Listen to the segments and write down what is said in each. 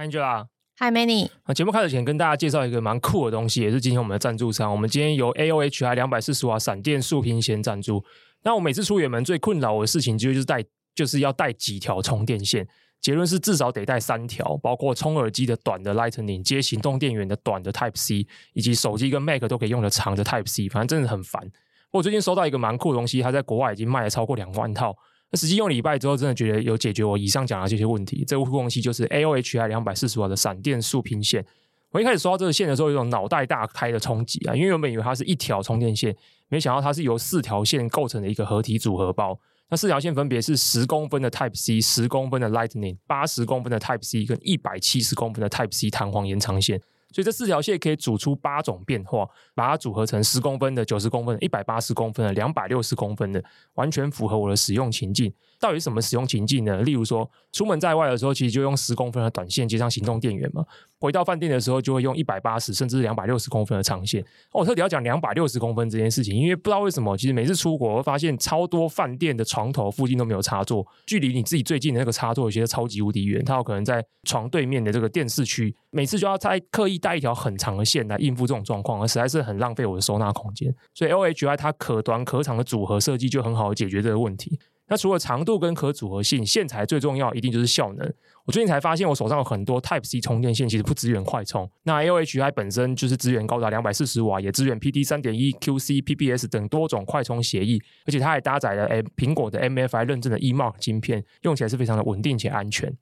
Angela，Hi，Manny。啊，節目開始前跟大家介紹一個蠻酷的東西，也是今天我們的贊助商。我們今天由 AOHi 兩百四十瓦閃電速拼線贊助。那我每次出遠門最困擾我的事情，就就是帶就是要帶幾條充電線。結論是至少得帶三條，包括充耳機的短的 Lightning，接行動電源的短的 Type C，以及手機跟 Mac 都可以用的長的 Type C。反正真的很煩。我最近收到一個蠻酷的東西，它在國外已經賣了超過兩萬套。那實際用了禮拜之後，真的覺得有解決我以上講的這些問題。這護空器就是 AOHi 兩百四十瓦的閃電速拼線。我一開始刷到這個線的時候，有種腦袋大開的衝擊啊！因為原本以為它是一條充電線，沒想到它是由四條線構成的一個合體組合包。那四條線分別是十公分的 Type C、十公分的 Lightning、八十公分的 Type C 跟一百七十公分的 Type C 彈簧延長線。所以這四條線可以組出八種變化，把它組合成十公分的、九十公分的、一百八十公分的、兩百六十公分的，完全符合我的使用情境。到底是什麼使用情境呢？例如說，出門在外的時候，其實就用十公分的短線接上行動電源嘛。回到飯店的時候，就會用一百八十甚至兩百六十公分的長線。哦，我特別要講兩百六十公分這件事情，因為不知道為什麼，其實每次出國，會發現超多飯店的床頭附近都沒有插座，距離你自己最近的那個插座有些超級無敵遠，它有可能在床對面的這個電視區，每次就要再刻意帶一條很長的線來應付這種狀況，而實在是很浪費我的收納空間。所以 AOHi 它可短可長的組合設計就很好解決這個問題。那除了長度跟可組合性，線材最重要一定就是效能。我最近才發現，我手上有很多 Type C 充電線，其實不支援快充。那 AOHi 本身就是支援高達兩百四十瓦，也支援 PD 三點一、QC、PPS 等多種快充協議，而且它還搭載了誒蘋果的 MFi 認證的 E-Mark 芯片，用起來是非常的穩定且安全。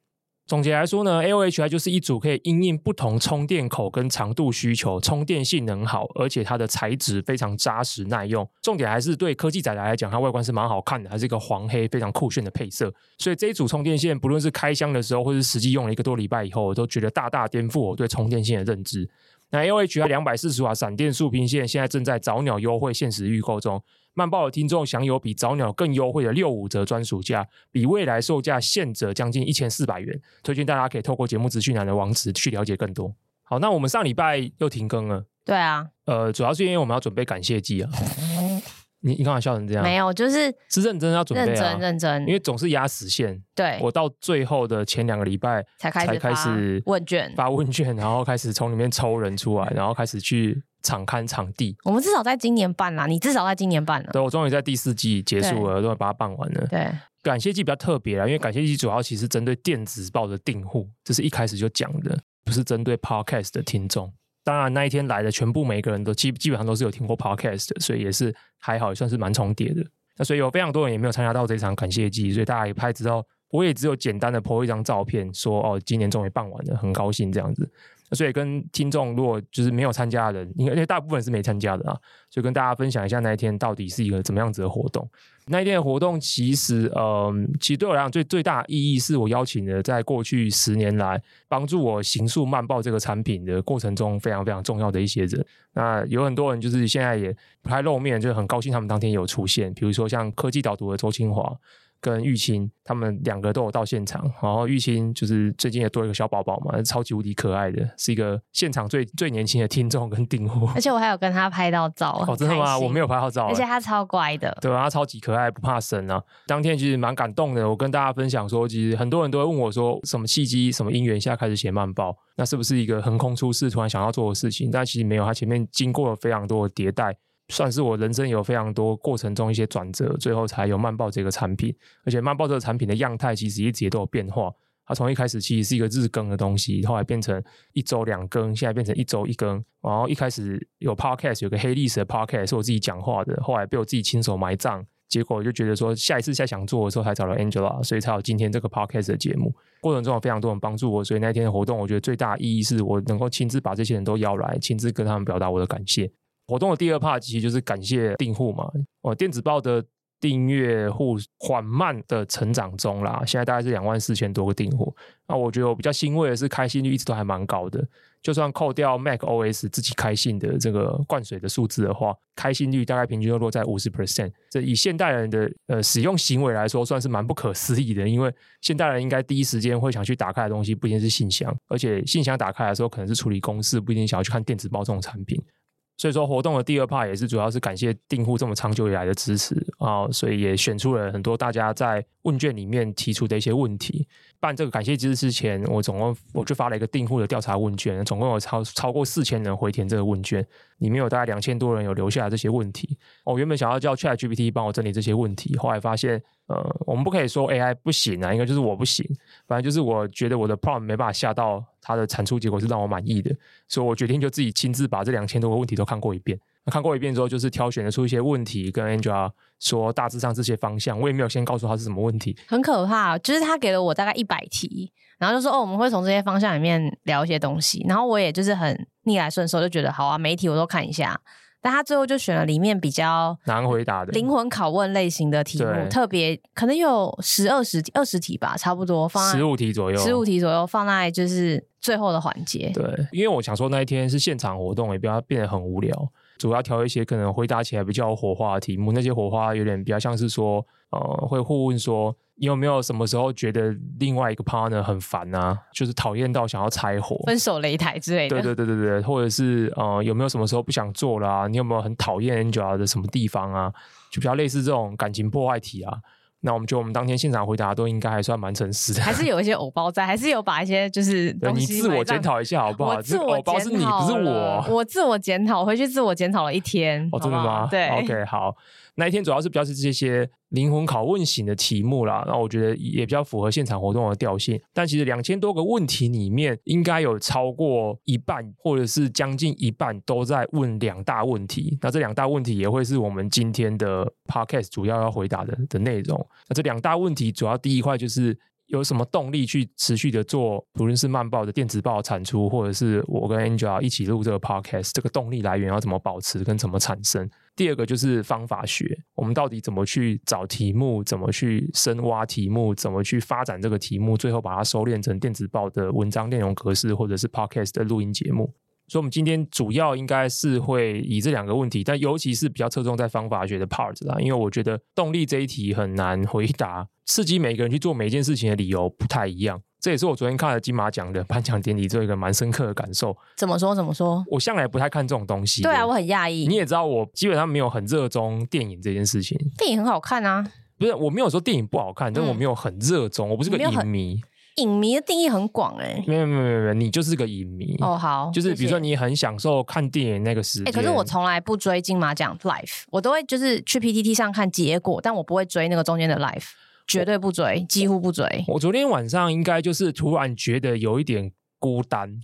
總結來說呢，AOHi 就是一組可以因應不同充電口跟長度需求，充電性能好，而且它的材質非常扎實耐用。重點還是對科技仔來講，它外觀是蠻好看的，還是一個黃黑非常酷炫的配色。所以這組充電線，不論是開箱的時候，或是實際用了一個多禮拜以後，我都覺得大大顛覆我對充電線的認知。那 AOHi 兩百四十瓦閃電速拼線，現在正在早鳥優惠限時預購中。曼報的聽眾享有比早鳥更優惠的六五折專屬價，比未來售價現折將近一千四百元。推薦大家可以透過節目資訊欄的網址去了解更多。好，那我們上禮拜又停更了。對啊，呃，主要是因為我們要準備感謝祭啊。你你剛才笑成這樣？沒有，就是是認真要準備啊，認真，認真。因為總是壓死線。對。我到最後的前兩個禮拜才開始發問卷，發問卷，然後開始從裡面抽人出來，然後開始去場勘場地。我們至少在今年辦啦，你至少在今年辦啦。對，我終於在第四季結束了，都要把它辦完了。對，感謝祭比較特別啦，因為感謝祭主要其實針對電子報的訂戶，這是一開始就講的，不是針對 Podcast 的聽眾。當然，那一天來的全部每一個人都基基本上都是有聽過 podcast，所以也是還好，也算是蠻重疊的。那所以有非常多人也沒有參加到這場感謝祭，所以大家也不知道。我也只有簡單的 po 一張照片，說哦，今年終於辦完了，很高興這樣子。所以跟聽眾，如果就是沒有參加的人，因為大部分是沒參加的啊，就跟大家分享一下那一天到底是一個怎麼樣子的活動。那一天的活動其實，嗯，其實對我來講最最大意義是我邀請了在過去十年來幫助我形塑曼報這個產品的過程中非常非常重要的一些人。那有很多人就是現在也不太露面，就很高興他們當天有出現。比如說像科技導讀的周清華。跟玉清他們兩個都有到現場，然後玉清就是最近也多一個小寶寶嘛，超級無敵可愛的，是一個現場最最年輕的聽眾跟訂貨。而且我還有跟他拍到照啊！哦，真的嗎？我沒有拍到照，而且他超乖的，對，他超級可愛，不怕生啊。當天其實蠻感動的，我跟大家分享說，其實很多人都會問我說，什麼契機、什麼因緣下開始寫漫報？那是不是一個橫空出世突然想要做的事情？但其實沒有，他前面經過了非常多的迭代。算是我人生有非常多過程中一些轉折，最後才有慢報這個產品。而且慢報這個產品的樣態其實一直都有變化。它從一開始其實是一個日更的東西，後來變成一周兩更，現在變成一周一更。然後一開始有 podcast 有個黑歷史的 podcast 是我自己講話的，後來被我自己親手埋葬。結果我就覺得說，下一次再想做的時候，才找了 Angela，所以才有今天這個 podcast 的節目。過程中有非常多人幫助我，所以那天的活動，我覺得最大意義是我能夠親自把這些人都邀來，親自跟他們表達我的感謝。活動的第二 part 其實就是感謝訂戶嘛。我、哦、電子報的訂閱戶緩慢的成長中啦，現在大概是兩萬四千多個訂戶。那我覺得我比較欣慰的是，開信率一直都還蠻高的。就算扣掉 macOS 自己開信的這個灌水的數字的話，開信率大概平均就落在五十 percent。這以現代人的呃使用行為來說，算是蠻不可思議的。因為現代人應該第一時間會想去打開的東西，不一定是信箱。而且信箱打開的時候，可能是處理公事，不一定想要去看電子報這種產品。所以說，活動的第二 part 也是主要是感謝訂戶這麼長久以來的支持啊、哦，所以也選出了很多大家在問卷裡面提出的一些問題。辦這個感謝祭之前，我總共我就發了一個訂戶的調查問卷，總共有超超過四千人回填這個問卷，裡面有大概兩千多人有留下這些問題。我、哦、原本想要叫 Chat GPT 幫我整理這些問題，後來發現，呃，我們不可以說 AI 不行啊，應該就是我不行。反正就是我覺得我的 prompt 沒辦法下到它的產出結果是讓我滿意的，所以我決定就自己親自把這兩千多個問題都看過一遍。看過一遍之後，就是挑選的出一些問題，跟 Angela 說大致上這些方向。我也沒有先告訴他是什麼問題，很可怕。就是他給了我大概一百題，然後就說：“哦，我們會從這些方向裡面聊一些東西。”然後我也就是很逆來順受，就覺得好啊，每一題我都看一下。但他最後就選了裡面比較難回答的靈魂拷問類型的題目，特別可能有十二、十二十題吧，差不多放十五題左右，十五題左右放在就是最後的環節。對，因為我想說那一天是現場活動，也不要變得很無聊。主要挑一些可能回答起來比較火花的題目，那些火花有點比較像是說，呃，會互問說，你有沒有什麼時候覺得另外一個 partner 很煩啊？就是討厭到想要拆夥、分手擂台之類的。對對對對對，或者是呃，有沒有什麼時候不想做了啊？你有沒有很討厭 N91 的什麼地方啊？就比較類似這種感情破壞題啊。那我們覺得我們當天現場回答都應該還算蠻誠實的，還是有一些偶包在， 還是有把一些就是你自我檢討一下好不好？是 自我偶包是你我我，不是我。我自我檢討，回去自我檢討了一天。哦好好，真的嗎？對。OK，好。那一天主要是比較是這些靈魂拷問型的題目啦，然後我覺得也比較符合現場活動的調性。但其實兩千多個問題裡面，應該有超過一半，或者是將近一半都在問兩大問題。那這兩大問題也會是我們今天的 podcast 主要要回答的的內容。那這兩大問題主要第一塊就是有什麼動力去持續的做，不論是曼報的電子報產出，或者是我跟 Angela 一起錄這個 podcast，這個動力來源要怎麼保持跟怎麼產生？第二個就是方法學，我們到底怎麼去找題目，怎麼去深挖題目，怎麼去發展這個題目，最後把它收斂成電子報的文章內容格式，或者是 podcast 的錄音節目。所以，我們今天主要應該是會以這兩個問題，但尤其是比較側重在方法學的 part 啦、啊，因為我覺得動力這一題很難回答，刺激每個人去做每一件事情的理由不太一樣。這也是我昨天看了金馬獎的頒獎典禮，做一個蠻深刻的感受。怎麼說？怎麼說？我向來不太看這種東西。對啊，我很訝異。你也知道，我基本上沒有很熱衷電影這件事情。電影很好看啊。不是，我沒有說電影不好看，嗯、但我沒有很熱衷。我不是個影迷。影迷的定義很廣哎、欸。沒有沒有沒有，你就是個影迷哦。Oh, 好，就是比如說你很享受看電影那個時。哎、欸，可是我從來不追金馬獎 live，我都會就是去 PTT 上看結果，但我不會追那個中間的 live。絕對不追，幾乎不追。我昨天晚上應該就是突然覺得有一點孤單，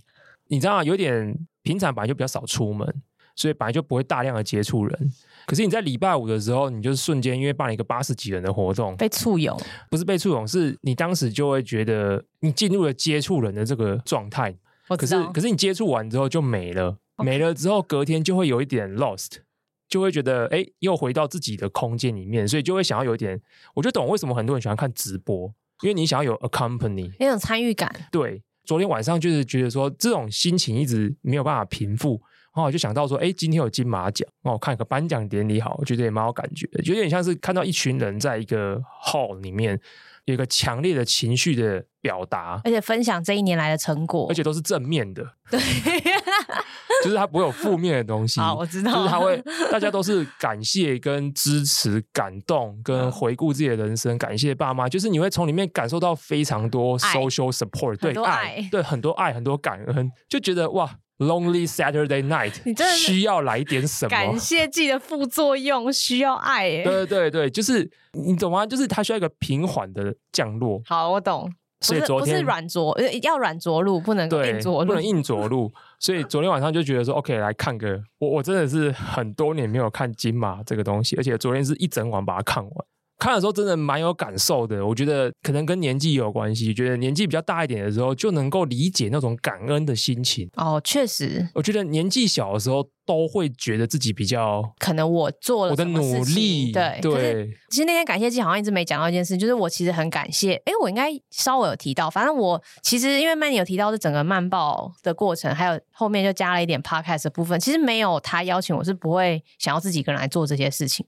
你知道嗎，啊？有點平常本來就比較少出門，所以本來就不會大量的接觸人。可是你在禮拜五的時候，你就是瞬間因為辦了一個八十幾人的活動，被簇擁。不是被簇擁，是你當時就會覺得你進入了接觸人的這個狀態。可是，可是你接觸完之後就沒了，Okay. 沒了之後隔天就會有一點 lost。就會覺得，哎，又回到自己的空間裡面，所以就會想要有一點，我就懂為什麼很多人喜歡看直播，因為你想要有 accompany，那種參與感。對，昨天晚上就是覺得說，這種心情一直沒有辦法平復。然後，哦，我就想到說，哎，今天有金馬獎，哦，我看個頒獎典禮，好，我覺得也蠻有感覺的，有點像是看到一群人在一個 hall 裡面有一個強烈的情緒的表達，而且分享這一年來的成果，而且都是正面的。對。 就是他不會有負面的東西，啊，我知道。就是他會，大家都是感謝跟支持、感動跟回顧自己的人生，感謝爸媽。就是你會從裡面感受到非常多 social support，對，愛，對，很多愛，愛，對很多愛，很多感恩，就覺得哇，lonely Saturday night，你真的需要來點什麼？感謝祭的副作用，需要愛、欸。對對對對，就是你懂嗎？就是他需要一個平緩的降落。好，我懂。不是不是軟着，要軟着陸，不能硬着陸，不能硬着陸。所以昨天晚上就覺得說 ，OK，來看個我，我真的是很多年沒有看金馬這個東西，而且昨天是一整晚把它看完。看的時候真的蠻有感受的，我覺得可能跟年紀有關係，覺得年紀比較大一點的時候就能夠理解那種感恩的心情。哦，確實，我覺得年紀小的時候都會覺得自己比較可能我做了我的努力，對對。其實那天感謝祭好像一直沒講到一件事，就是我其實很感謝，哎，我應該稍微有提到。反正我其實因為曼妮有提到是整個曼報的過程，還有後面就加了一點 podcast 的部分。其實沒有他邀請，我是不會想要自己一個人來做這些事情。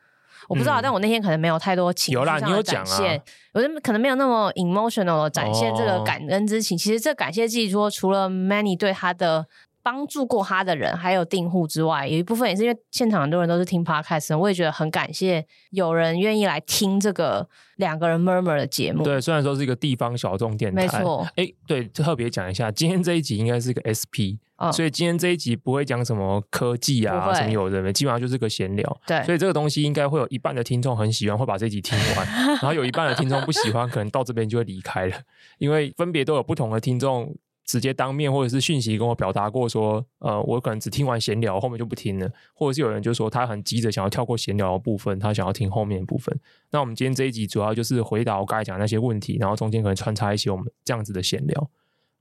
我不知道、啊嗯，但我那天可能沒有太多情緒上展現，我就、啊、可能沒有那麼 emotional 展現這個感恩之情。哦、其實這感謝祭，說除了 Manny 對他的、幫助過他的人，還有訂戶之外，有一部分也是因為現場很多人都是聽 Podcast，我也覺得很感謝有人願意來聽這個兩個人 murmur 的節目。對，雖然說是一個地方小眾電台，沒錯。哎，欸，對，特別講一下，今天這一集應該是一個 SP，嗯，所以今天這一集不會講什麼科技啊，什麼有的，基本上就是個閒聊。對，所以這個東西應該會有一半的聽眾很喜歡，會把這集聽完， 然後有一半的聽眾不喜歡， 可能到這邊就會離開了，因為分別都有不同的聽眾。直接當面或者是訊息跟我表達過說，呃，我可能只聽完閒聊，後面就不聽了，或者是有人就說他很急着想要跳過閒聊的部分，他想要聽後面的部分。那我們今天這一集主要就是回答我剛才講那些問題，然後中間可能穿插一些我們這樣子的閒聊。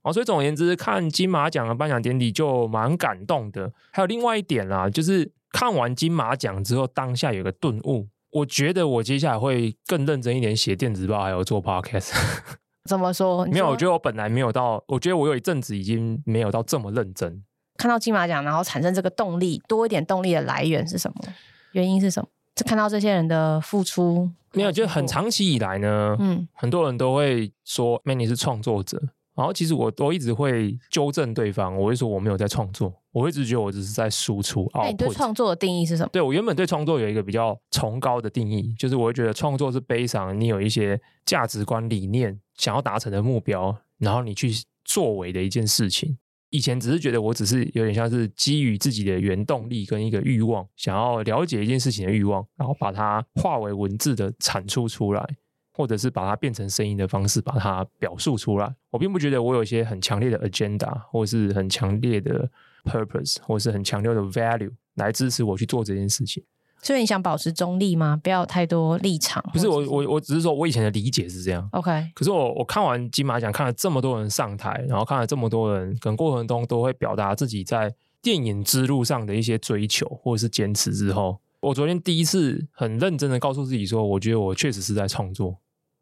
哦，所以總而言之，看金馬獎的頒獎典禮就蠻感動的。還有另外一點啦、啊，就是看完金馬獎之後，當下有個頓悟，我覺得我接下來會更認真一點寫電子報還有做 podcast。 怎麼說,說沒有，我覺得我本來沒有到，我覺得我有一陣子已經沒有到這麼認真。看到金馬獎，然後產生這個動力，多一點動力的來源是什麼？原因是什麼？嗯、就看到這些人的付出，沒有，我覺得很長期以來呢，嗯，很多人都會說，Manny 是創作者。然後其實我我一直會糾正對方，我會說我沒有在創作，我一直覺得我只是在輸出。哦，那你對創作的定義是什麼？對，我原本對創作有一個比較崇高的定義，就是我會覺得創作是悲傷，你有一些價值觀理念想要達成的目標，然後你去作為的一件事情。以前只是覺得我只是有點像是基於自己的原動力跟一個慾望，想要了解一件事情的慾望，然後把它化為文字的產出出來。或者是把它變成聲音的方式，把它表述出來。我並不覺得我有一些很強烈的 agenda，或是很強烈的 purpose，或是很強烈的 value 來支持我去做這件事情。所以你想保持中立嗎？不要太多立場？不是我，我我只是說我以前的理解是這樣。OK，可是我我看完金馬獎，基本上看了這麼多人上台，然後看了這麼多人可能過程中都會表達自己在電影之路上的一些追求或者是堅持之後，我昨天第一次很認真的告訴自己說，我覺得我確實是在創作。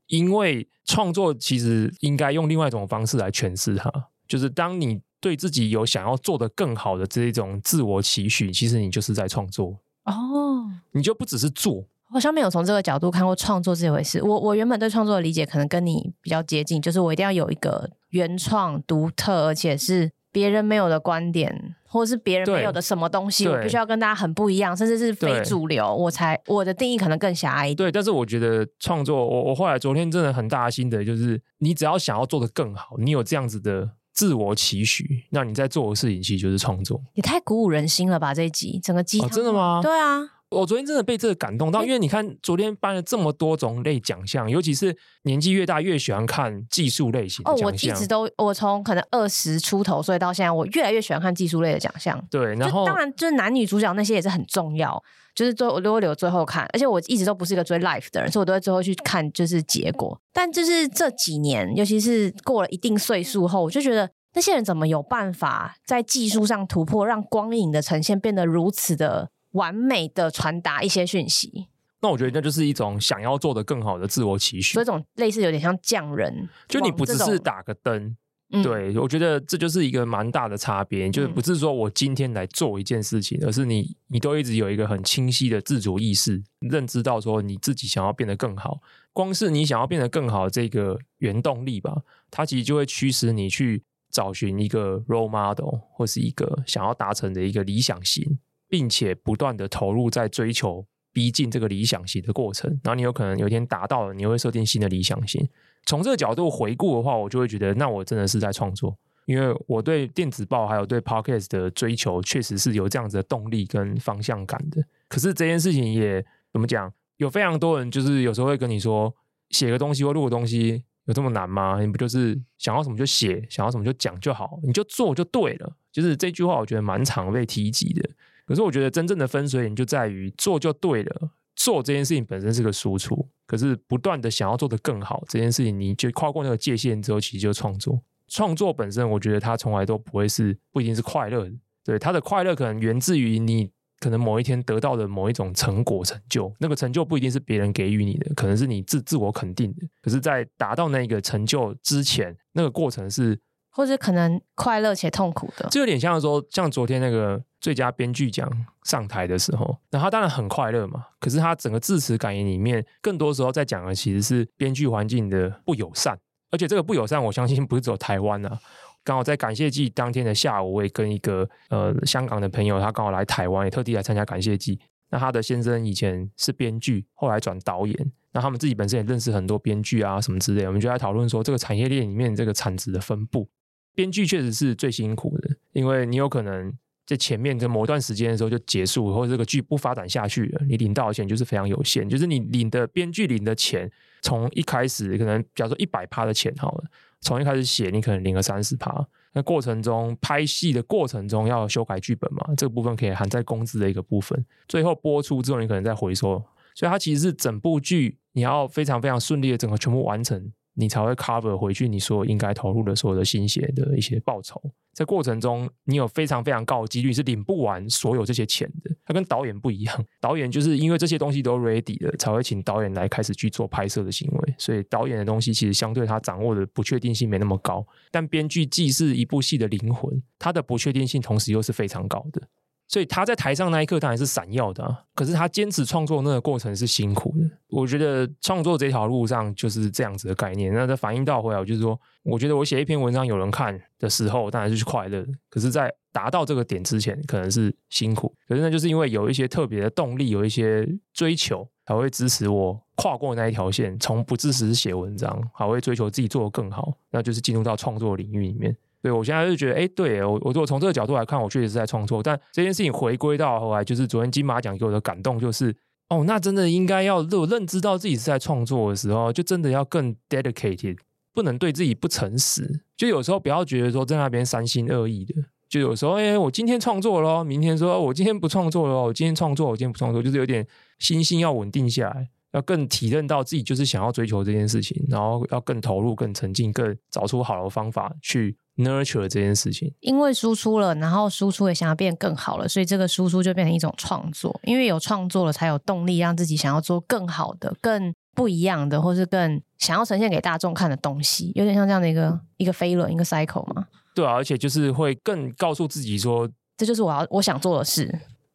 因為創作其實應該用另外一種方式來詮釋它，就是當你對自己有想要做得更好的這一種自我期許，其實你就是在創作。哦，你就不只是做、哦。我好像沒有從這個角度看過創作這回事我。我我原本對創作的理解可能跟你比較接近，就是我一定要有一個原創、獨特，而且是。別人沒有的觀點，或者是別人沒有的什麼東西，我必須要跟大家很不一樣，甚至是非主流，我才我的定義可能更狹隘，一點。對，但是我覺得創作，我我後來昨天真的很大心得，就是你只要想要做的更好，你有這樣子的自我期許，那你在做的事情其實就是創作。也太鼓舞人心了吧！這一集整個雞湯。哦，真的嗎？對啊。我昨天真的被這個感動到，因為你看，昨天頒了這麼多種類獎項，尤其是年紀越大越喜歡看技術類型的。哦，我一直都，我從可能二十出頭，所以到現在我越來越喜歡看技術類的獎項。對，然後當然就是男女主角那些也是很重要，就是最，我都會留最後看，而且我一直都不是一個追 live 的人，所以我都會最後去看就是結果。但就是這幾年，尤其是過了一定歲數後，我就覺得那些人怎麼有辦法在技術上突破，讓光影的呈現變得如此的。完美的傳達一些訊息，那我覺得那就是一種想要做的更好的自我期許。這種類似有點像匠人，就你不只是打個燈、嗯，對我覺得這就是一個蠻大的差別，就是不是說我今天來做一件事情，嗯、而是你你都一直有一個很清晰的自主意識，認知到說你自己想要變得更好，光是你想要變得更好的這個原動力吧，它其實就會驅使你去找尋一個 role model 或是一個想要達成的一個理想型。並且不斷地投入在追求、逼近這個理想型的過程，然後你有可能有一天達到了，你又會設定新的理想型。從這個角度回顧的話，我就會覺得，那我真的是在創作，因為我對電子報還有對 podcast 的追求，確實是有這樣子的動力跟方向感的。可是這件事情也怎麼講，有非常多人就是有時候會跟你說，寫個東西或錄個東西有這麼難嗎？你不就是想要什麼就寫，想要什麼就講就好，你就做就對了。就是這句話，我覺得蠻常被提及的。可是我覺得真正的分水嶺就在於做就對了，做這件事情本身是個輸出。可是不斷的想要做得更好這件事情，你就跨過那個界限之後，其實就創作。創作本身，我覺得它從來都不會是，不一定是快樂的。對，它的快樂可能源自於你可能某一天得到的某一種成果成就。那個成就不一定是別人給予你的，可能是你自自我肯定的。可是，在達到那個成就之前，那個過程是或者可能快樂且痛苦的，這有點像說像昨天那個。最佳編劇獎上台的時候，那他當然很快樂嘛。可是他整個致辭感言裡面，更多時候在講的其實是編劇環境的不友善，而且這個不友善，我相信不是只有台灣啊。剛好在感謝祭當天的下午，我也跟一個呃香港的朋友，他剛好來台灣，也特地來參加感謝祭。那他的先生以前是編劇，後來轉導演，那他們自己本身也認識很多編劇啊什麼之類的，我們就在討論說，這個產業鏈裡面這個產值的分布，編劇確實是最辛苦的，因為你有可能。在前面跟某段時間的時候就結束，或者這個劇不發展下去了，你領到的錢就是非常有限。就是你領的編劇領的錢，從一開始可能比較，假如說一百趴的錢好了，從一開始寫你可能領了三十趴。那過程中拍戲的過程中要修改劇本嘛，這個部分可以含在工資的一個部分。最後播出之後你可能再回收，所以它其實是整部劇你要非常非常順利的整個全部完成。你才會 cover 回去你所有應該投入的所有的心血的一些報酬，在過程中，你有非常非常高的幾率是領不完所有這些錢的。它跟導演不一樣，導演就是因為這些東西都 ready 的，才會請導演來開始去做拍攝的行為。所以導演的東西其實相對他掌握的不確定性沒那麼高，但編劇既是一部戲的靈魂，它的不確定性同時又是非常高的。所以他在台上那一刻當然是閃耀的啊，可是他堅持創作那個過程是辛苦的。我覺得創作這條路上就是這樣子的概念。那這反映到回來，我就是說，我覺得我寫一篇文章有人看的時候，當然是快樂的。可是，在達到這個點之前，可能是辛苦。可是那就是因為有一些特別的動力，有一些追求，才會支持我跨過那一條線，從不支持寫文章，還會追求自己做得更好，那就是進入到創作領域裡面。對，我現在就覺得，哎，對我，我我從這個角度來看，我確實是在創作。但這件事情回歸到後來，就是昨天金馬獎給我的感動，就是哦，那真的應該要認認知到自己是在創作的時候，就真的要更 dedicated，不能對自己不誠實。就有時候不要覺得說在那邊三心二意的，就有時候哎，我今天創作了，明天說，哦，我今天不創作了，我今天創作，我今天不創作，就是有點心性要穩定下來，要更體認到自己就是想要追求這件事情，然後要更投入、更沉浸、更找出好的方法去。Nurture 這件事情，因為輸出了，然後輸出也想要變更好了，所以這個輸出就變成一種創作。因為有創作了，才有動力讓自己想要做更好的、更不一樣的，或是更想要呈現給大眾看的東西。有點像這樣的一個、嗯、一個飛輪，一個 cycle 嘛。對啊，而且就是會更告訴自己說，這就是我要我想做的事。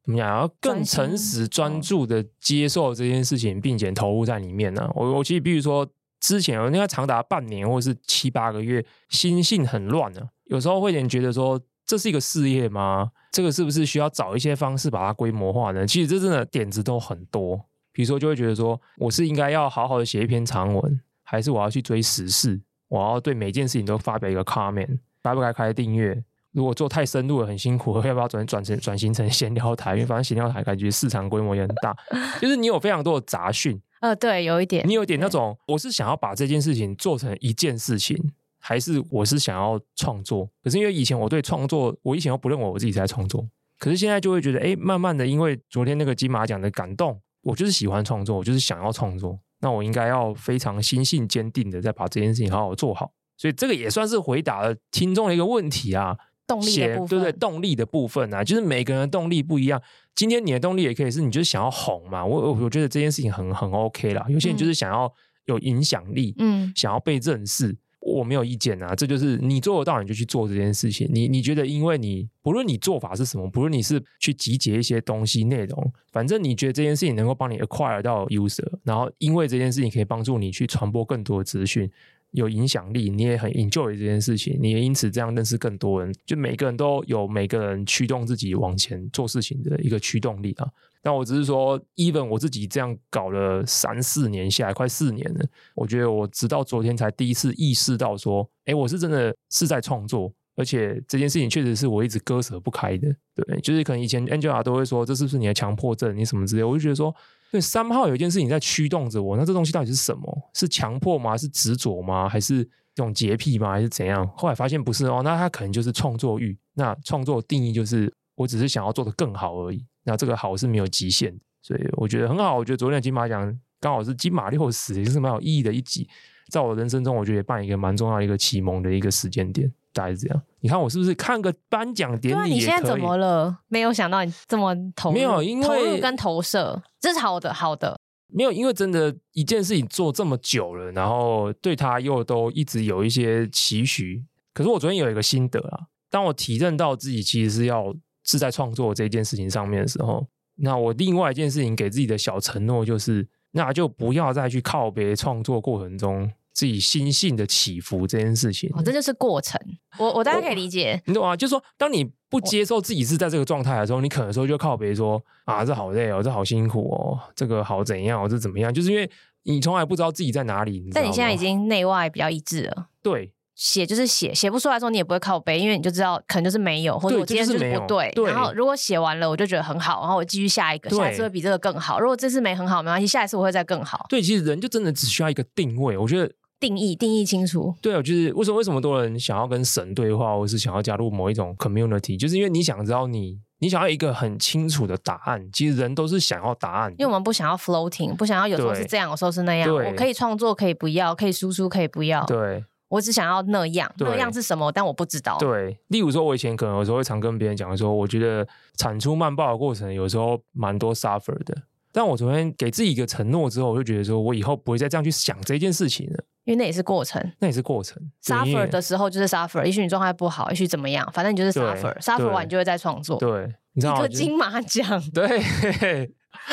怎麼樣、啊？要更誠實、專注的接受這件事情，嗯、並且投入在裡面呢、啊？我我其實比如說。之前應該長達半年或是七八個月，心性很亂了，有時候會點覺得說這是一個事業嗎？這個是不是需要找一些方式把它規模化呢？其實這真的點子都很多，比如說就會覺得說，我是應該要好好的寫一篇長文，還是我要去追時事？我要對每件事情都發表一個 comment，該不該開訂閱？如果做太深入了很辛苦，我要不要轉成轉型成閒聊台？因為反正閒聊台感覺市場規模也很大， 就是你有非常多的雜訊。呃、哦，對，有一點。你有點那種，我是想要把這件事情做成一件事情，還是我是想要創作？可是因為以前我對創作，我以前又不認為我自己在創作，可是現在就會覺得，哎，慢慢的，因為昨天那個金馬獎的感動，我就是喜歡創作，我就是想要創作，那我應該要非常心性堅定的再把這件事情好好做好。所以這個也算是回答了聽眾的一個問題啊。對不對？動力的部分呢、啊，就是每個人的動力不一樣。今天你的動力也可以是，你就是想要紅嘛。我我覺得這件事情很很 OK 啦。有些人就是想要有影響力，嗯，想要被認識，嗯、我沒有意見啊。這就是你做得到，你就去做這件事情。你你覺得，因為你不論你做法是什麼，不論你是去集結一些東西內容，反正你覺得這件事情能夠幫你 acquire 到 user，然後因為這件事情可以幫助你去傳播更多的資訊。有影響力，你也很 enjoy 這件事情，你也因此這樣認識更多人。就每個人都有每個人驅動自己往前做事情的一個驅動力啊。但我只是說，even 我自己這樣搞了三四年下來，快四年了，我覺得我直到昨天才第一次意識到說，誒，我是真的是在創作，而且這件事情確實是我一直割捨不開的。對，就是可能以前 Angela 都會說，這是不是你的強迫症，你什麼之類，我就覺得說。對，三號有一件事情在驅動着我，那這東西到底是什麼？是強迫嗎？是執着嗎？還是這種潔癖嗎？還是怎樣？後來發現不是哦，那它可能就是創作慾。那創作定義就是，我只是想要做得更好而已。那這個好是沒有極限的，所以我覺得很好。我覺得昨天金馬獎剛好是金馬六十，也是蠻有意義的一集，在我的人生中，我覺得也辦一個蠻重要的一個啟蒙的一個時間點。大概是這樣，你看我是不是看個頒獎典禮？你現在怎麼了？沒有想到你這麼投，沒有因為投入跟投射，這是好的，好的。沒有，因為真的一件事情做這麼久了，然後對他又都一直有一些期許。可是我昨天有一個心得啊，當我體認到自己其實是要是在創作這件事情上面的時候，那我另外一件事情給自己的小承諾就是，那就不要再去靠別，創作過程中自己心性的起伏這件事情，哦，這就是過程。我我大家可以理解。你懂啊？就是說，當你不接受自己是在這個狀態的時候，你可能說就靠北說啊，這好累哦，這好辛苦哦，這個好怎樣哦，我這怎麼樣？就是因為你從來不知道自己在哪裡。但你現在已經內外比較一致了。對，寫就是寫，寫不出來的時候你也不會靠北，因為你就知道可能就是沒有，或者我今天就是對、就是、不對，對。然後如果寫完了，我就覺得很好，然後我繼續下一個，下一次會比這個更好。如果這次沒很好，沒關係，下一次我會再更好。對，其實人就真的只需要一個定位，我覺得。定義定義清楚，對啊，就是為什麼為什麼多人想要跟神對話，或是想要加入某一種 community，就是因為你想知道你你想要一個很清楚的答案。其實人都是想要答案，因為我們不想要 floating，不想要有時候是這樣，有時候是那樣。我可以創作，可以不要，可以輸出，可以不要。對，我只想要那樣，那樣是什麼？但我不知道。對，例如說，我以前可能有時候會常跟別人講說，我覺得產出曼報的過程有時候蠻多 suffer 的。但我昨天給自己一個承諾之後，我就覺得說我以後不會再這樣去想這件事情了。因為那也是過程，那也是過程。Suffer 的時候就是 suffer，也許你狀態不好，也許怎麼樣，反正你就是 suffer。Suffer 完你就會再創作。對，你知道嗎？一個金馬獎，對，呵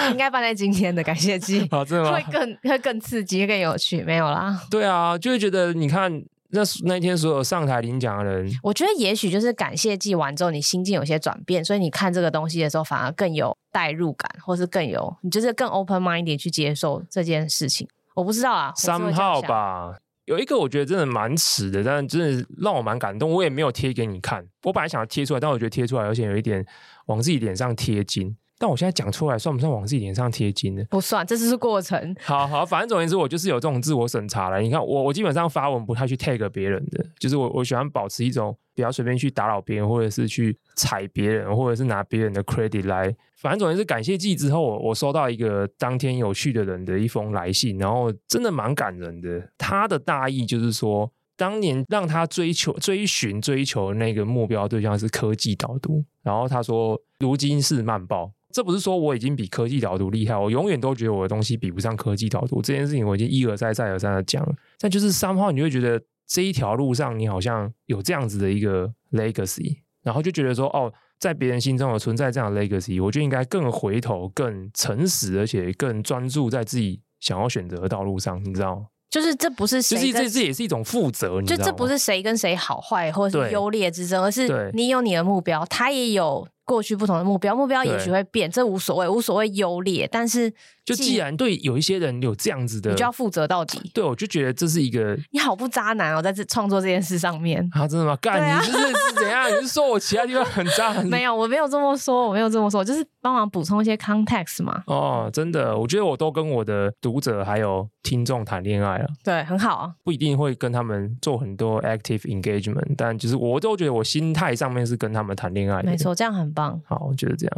呵應該放在今天的感謝祭。好，真的會更會更刺激，更有趣，沒有啦。對啊，就會覺得你看那那天所有上台領獎的人，我覺得也許就是感謝祭完之後，你心境有些轉變，所以你看這個東西的時候反而更有代入感，或是更有你就是更 open minded 去接受這件事情。我不知道啊，三號吧，有一個我覺得真的蠻扯的，但真的讓我蠻感動。我也沒有貼給你看，我本來想要貼出來，但我覺得貼出來而且有一點往自己臉上貼金。但我現在講出來算不算往自己臉上貼金呢？不算，這只是過程。好好，反正總言之，我就是有這種自我審查了。你看，我我基本上發文不太去 tag 別人的，就是我我喜歡保持一種比較隨便去打擾別人，或者是去踩別人，或者是拿別人的 credit 來。反正總而言之，感謝祭之後我，我收到一個當天有趣的人的一封來信，然後真的蠻感人的。他的大意就是說，當年讓他追求追尋追求那個目標對象是科技導讀，然後他說，如今是曼報。這不是說我已經比科技島讀厲害，我永遠都覺得我的東西比不上科技島讀這件事情，我已經一而再再而三的講了。但就是 somehow，你就會覺得這一條路上你好像有這樣子的一個 legacy，然後就覺得說哦，在別人心中有存在這樣的 legacy，我就應該更回頭、更誠實，而且更專注在自己想要選擇的道路上。你知道嗎，就是這不是就是這這也是一種負責你知道嗎，就這不是誰跟誰好壞或者是優劣之爭，而是你有你的目標，他也有。過去不同的目標，目標也許會變，這無所謂，無所謂優劣，但是。就既然對有一些人有這樣子的，你就要負責到底。對，我就覺得這是一個你好不渣男哦，在這創作這件事上面啊，真的嗎？幹，啊、 你是是怎樣？你是說我其他地方很渣很？沒有，我沒有這麼說，我沒有這麼說，我就是幫忙補充一些 context 嘛。哦，真的，我覺得我都跟我的讀者還有聽眾談戀愛了。啊，對，很好啊，不一定會跟他們做很多 active engagement，但就是我都覺得我心態上面是跟他們談戀愛的。沒錯，這樣很棒。好，我覺得這樣。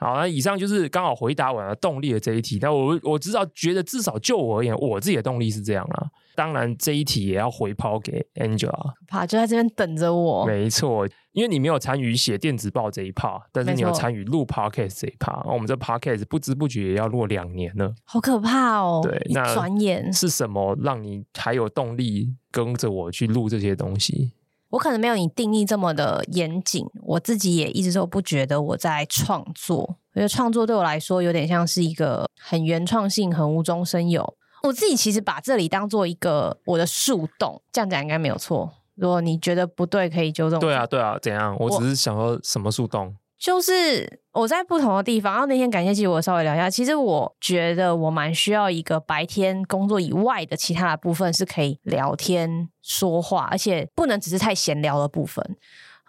好，那以上就是剛好回答完了動力的這一題。但我我至少覺得，至少就我而言，我自己的動力是這樣了。當然，這一題也要回拋給 Angela，怕就在這邊等着我。沒錯，因為你沒有參與寫電子報這一 part，但是你有參與錄 podcast 這一 part。然後我們這 podcast 不知不覺也要錄兩年了，好可怕哦！對，那轉眼是什麼讓你還有動力跟着我去錄這些東西？我可能沒有你定義這麼的嚴謹，我自己也一直都不覺得我在創作，我覺得創作對我來說有點像是一個很原創性、很無中生有。我自己其實把這裡當做一個我的樹洞，這樣講應該沒有錯。如果你覺得不對，可以糾正。對啊，對啊，怎樣？我只是想說什麼樹洞。就是我在不同的地方，然後那天感謝祭我稍微聊一下。其實我覺得我蠻需要一個白天工作以外的其他的部分，是可以聊天說話，而且不能只是太閒聊的部分。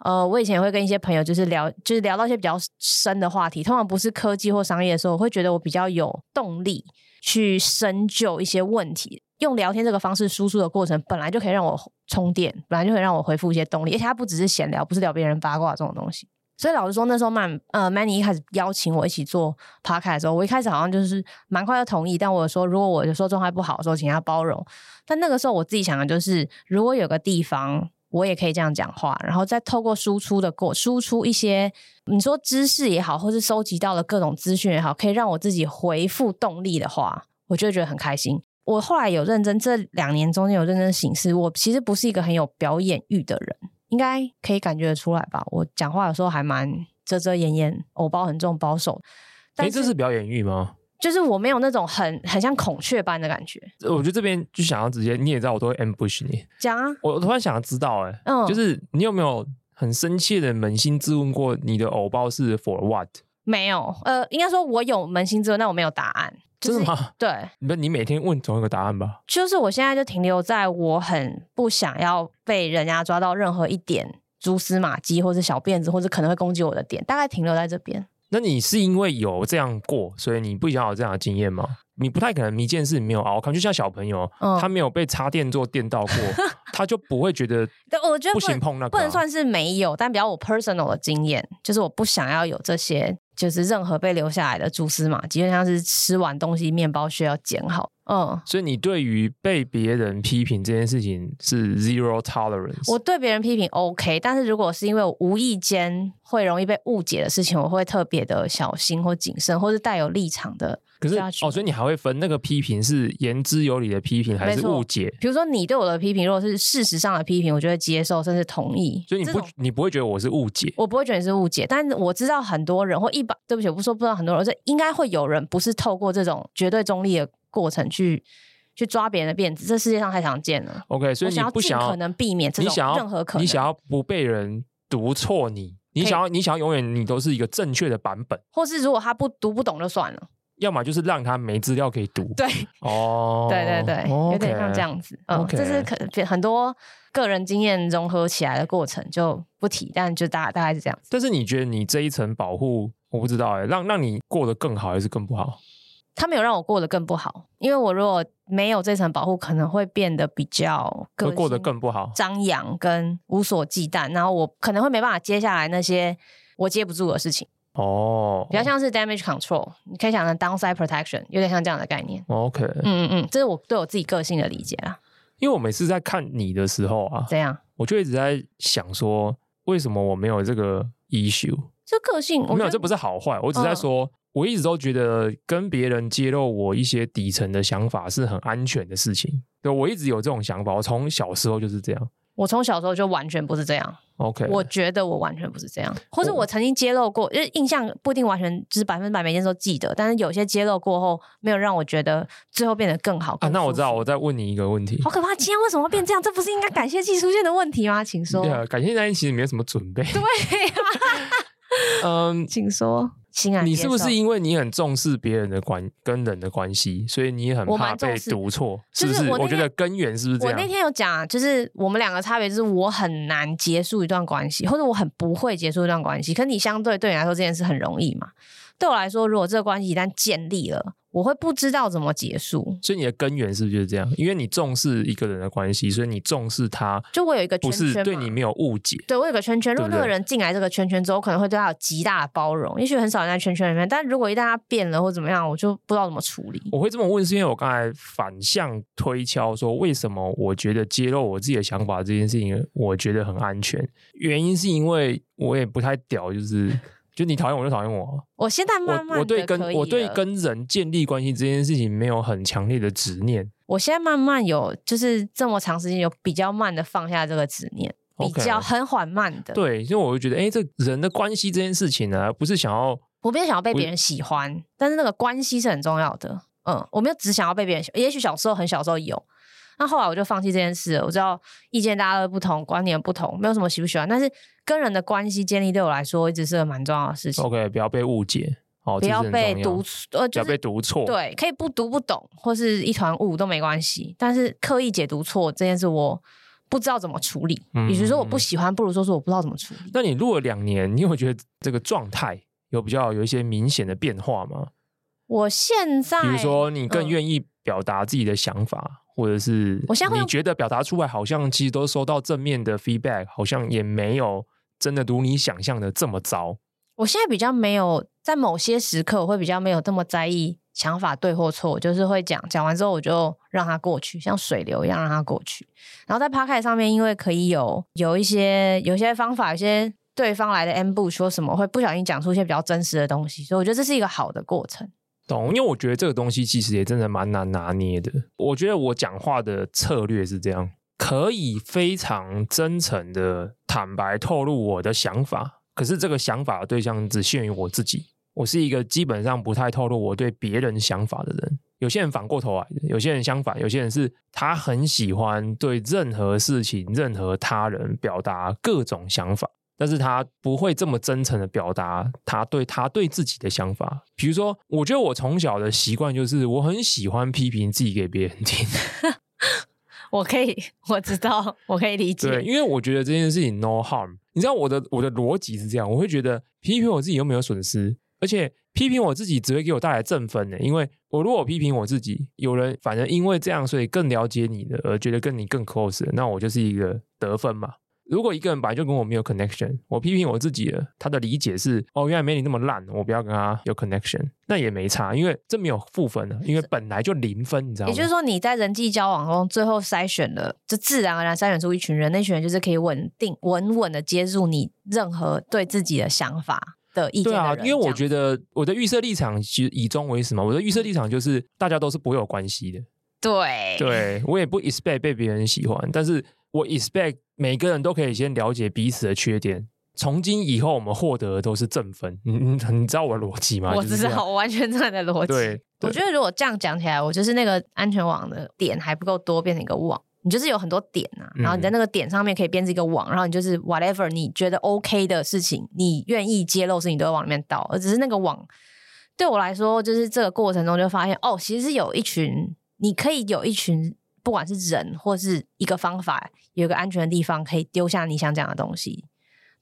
呃，我以前也會跟一些朋友就是聊，就是聊到一些比較深的話題，通常不是科技或商業的時候，我會覺得我比較有動力去深究一些問題。用聊天這個方式輸出的過程，本來就可以讓我充電，本來就可以讓我恢復一些動力，而且它不只是閒聊，不是聊別人八卦這種東西。所以老實說，那時候曼、呃、曼妮一開始邀請我一起做 Podcast 的時候，我一開始好像就是蠻快就同意。但我說，如果我有時候，狀態不好的時候，請他包容。但那個時候，我自己想的就是，如果有個地方我也可以這樣講話，然後再透過輸出的過，輸出一些你說知識也好，或是收集到的各種資訊也好，可以讓我自己恢復動力的話，我就覺得很開心。我後來有認真，這兩年中間有認真形式，我其實不是一個很有表演欲的人。應該可以感覺得出來吧？我講話的時候還蠻遮遮掩掩，偶包很重，保守。但是、欸、這是表演欲嗎？就是我沒有那種很很像孔雀般的感覺。我覺得這邊就想要直接，你也知道我都會 ambush 你。講啊！我突然想要知道，哎，嗯，就是你有沒有很深切的捫心自問過，你的偶包是 for what？沒有，呃，應該說我有捫心自問，但我沒有答案。真的嗎？對，你每天問總有個答案吧？就是我現在就停留在我很不想要被人家抓到任何一點蛛絲馬跡，或者小辮子，或者可能會攻擊我的點，大概停留在這邊。那你是因為有這樣過，所以你不想有這樣的經驗嗎？你不太可能一件事沒有熬，啊、我可能就像小朋友、嗯，他沒有被插電座電到過。 他就不會覺得，我覺得不行碰那個、啊不，不能算是沒有。但比較我 personal 的經驗，就是我不想要有這些，就是任何被留下來的蛛絲馬跡，基本上是吃完東西麵包需要剪好。嗯，所以你對於被別人批評這件事情是 zero tolerance。我對別人批評 OK，但是如果是因為我無意間會容易被誤解的事情，我會特別的小心或謹慎，或是帶有立場的。可是哦，所以你還會分那個批評是言之有理的批評還是誤解？比如說你對我的批評，如果是事實上的批評，我就會接受甚至同意。所以你不你不會覺得我是誤解？我不會覺得你是誤解，但是我知道很多人或一般，對不起，我不說不知道很多人，這應該會有人不是透過這種絕對中立的過程去去抓別人的辮子，這世界上太常見了。OK，所以你不想要，我想要盡可能避免這種任何可能，你想要，你想要不被人讀錯你，你想要你想要永遠你都是一個正確的版本，或是如果他不讀不懂就算了。要麼就是讓他沒資料可以讀，對，哦、oh，對對對，okay, 有點像這樣子，嗯，o，okay, 這是可很多個人經驗融合起來的過程，就不提，但就大概大概是這樣。但是你覺得你這一層保護，我不知道哎，欸，讓讓你過得更好，還是更不好？他沒有讓我過得更不好，因為我如果沒有這層保護，可能會變得比較會過得更不好，張揚跟無所忌憚，然後我可能會沒辦法接下來那些我接不住的事情。哦，比較像是 damage control，哦、你可以想成 downside protection，有點像這樣的概念。OK，嗯嗯嗯，這是我對我自己個性的理解啦。因為我每次在看你的時候啊，這樣，我就一直在想說，為什麼我沒有這個 issue？這個性我我沒有，這不是好壞，我只在說、嗯，我一直都覺得跟別人揭露我一些底層的想法是很安全的事情。對，我一直有這種想法，我從小時候就是這樣。我從小時候就完全不是這樣。Okay. 我覺得我完全不是這樣，或者我曾經揭露過，因、就、為、是、印象不一定完全就是百分之百每天都記得，但是有些揭露過後，沒有讓我覺得最後變得更好。更啊、那我知道，我再問你一個問題，好可怕，今天為什麼會變這樣？ 這不是應該感謝祭出現的問題嗎？請說，對、yeah, 感謝祭那天其實沒有什麼準備。對呀。 嗯，請說安。你是不是因為你很重視別人的關跟人的關係，所以你很怕被讀錯、就是？是不是？我覺得根源是不是這樣？我那天有講，就是我們兩個差別就是，我很難結束一段關係，或者我很不會結束一段關係。可是你相對對你來說這件事很容易嘛。對我來說，如果這個關係一旦建立了。我會不知道怎麼結束，所以你的根源是不是就是這樣？因為你重視一個人的關係，所以你重視他。就我有一個圈圈嘛，不是對你沒有誤解。對我有一個圈圈，如果那個人進來這個圈圈之後，對不對？可能會對他有極大的包容。也許很少人在圈圈裡面，但如果一旦他變了或怎麼樣，我就不知道怎麼處理。我會這麼問，是因為我剛才反向推敲，說為什麼我覺得揭露我自己的想法這件事情，我覺得很安全。原因是因為我也不太屌，就是。就你討厭我，就討厭我、啊。我現在慢慢，我對跟我對跟人建立關係這件事情沒有很強烈的執念。我現在慢慢有，就是這麼長時間有比較慢的放下這個執念、okay，比較很緩慢的。對，所以我就覺得，哎、欸，這人的關係這件事情呢、啊，不是想要，我不是想要被別人喜歡，但是那個關係是很重要的。嗯，我沒有只想要被別人，也許小時候很小時候有。那後來我就放棄這件事了。我知道意見大家的不同，觀念不同，沒有什麼喜不喜歡。但是跟人的關係建立對我來說一直是蠻重要的事情。OK，不要被誤解，哦，不要被讀要呃，就是，不要被讀錯。對，可以不讀不懂或是一團霧都沒關係。但是刻意解讀錯這件事我，我不知道怎麼處理。與、嗯、其、嗯嗯、說我不喜歡，不如說是我不知道怎麼處理。那你錄了兩年，你有覺得這個狀態有比較有一些明顯的變化嗎？我現在，比如說你更願意表達自己的想法。呃或者是，我想，你覺得表達出來好像其實都收到正面的 feedback，好像也沒有真的如你想象的這麼糟。我現在比較沒有，在某些時刻，我會比較沒有這麼在意想法對或錯，就是會講，講完之後我就讓它過去，像水流一樣讓它過去。然後在 park 上面，因為可以有有一些有一些方法，有一些對方來的 m 部說什麼會不小心講出一些比較真實的東西，所以我覺得這是一個好的過程。懂，因為我覺得這個東西其實也真的蠻難拿捏的。我覺得我講話的策略是這樣，可以非常真誠的坦白透露我的想法，可是這個想法的對象只限於我自己。我是一個基本上不太透露我對別人想法的人。有些人反過頭來的，有些人相反，有些人是他很喜歡對任何事情、任何他人表達各種想法。但是他不會這麼真誠的表達他對他對自己的想法。比如說，我覺得我從小的習慣就是我很喜歡批評自己給別人聽。 我可以，我知道，我可以理解。對，因為我覺得這件事情 no harm。你知道我的我的邏輯是這樣，我會覺得批評我自己又沒有損失，而且批評我自己只會給我帶來正分的、欸。因為我如果批評我自己，有人反正因為這樣所以更了解你的，而覺得跟你更 close 的，那我就是一個得分嘛。如果一個人本來就跟我沒有 connection，我批評我自己了。他的理解是：哦，原來沒你那麼爛，我不要跟他有 connection，那也沒差，因為這沒有負分了，因為本來就零分，你知道嗎？也就是說，你在人際交往中最後篩選了，就自然而然篩選出一群人，那群人就是可以穩定、穩穩的接觸你任何對自己的想法的意見的。對啊，因為我覺得我的預設立場其實以中為什麼？我的預設立場就是大家都是不會有關係的。對，對，我也不 expect 被別人喜歡，但是我 expect。每個人都可以先了解彼此的缺點。從今以後，我們獲得的都是正分。你、嗯、你知道我的邏輯嗎？就是、我只知道，我完全站在邏輯對對。我覺得如果這樣講起來，我就是那個安全網的點還不夠多，變成一個網。你就是有很多點吶、啊，然後你在那個點上面可以編織一個網、嗯，然後你就是 whatever 你覺得 OK 的事情，你願意揭露是你都會往裡面倒。而只是那個網，對我來說，就是這個過程中就發現，哦，其實是有一群，你可以有一群。不管是人或是一個方法，有一個安全的地方可以丟下你想講的東西，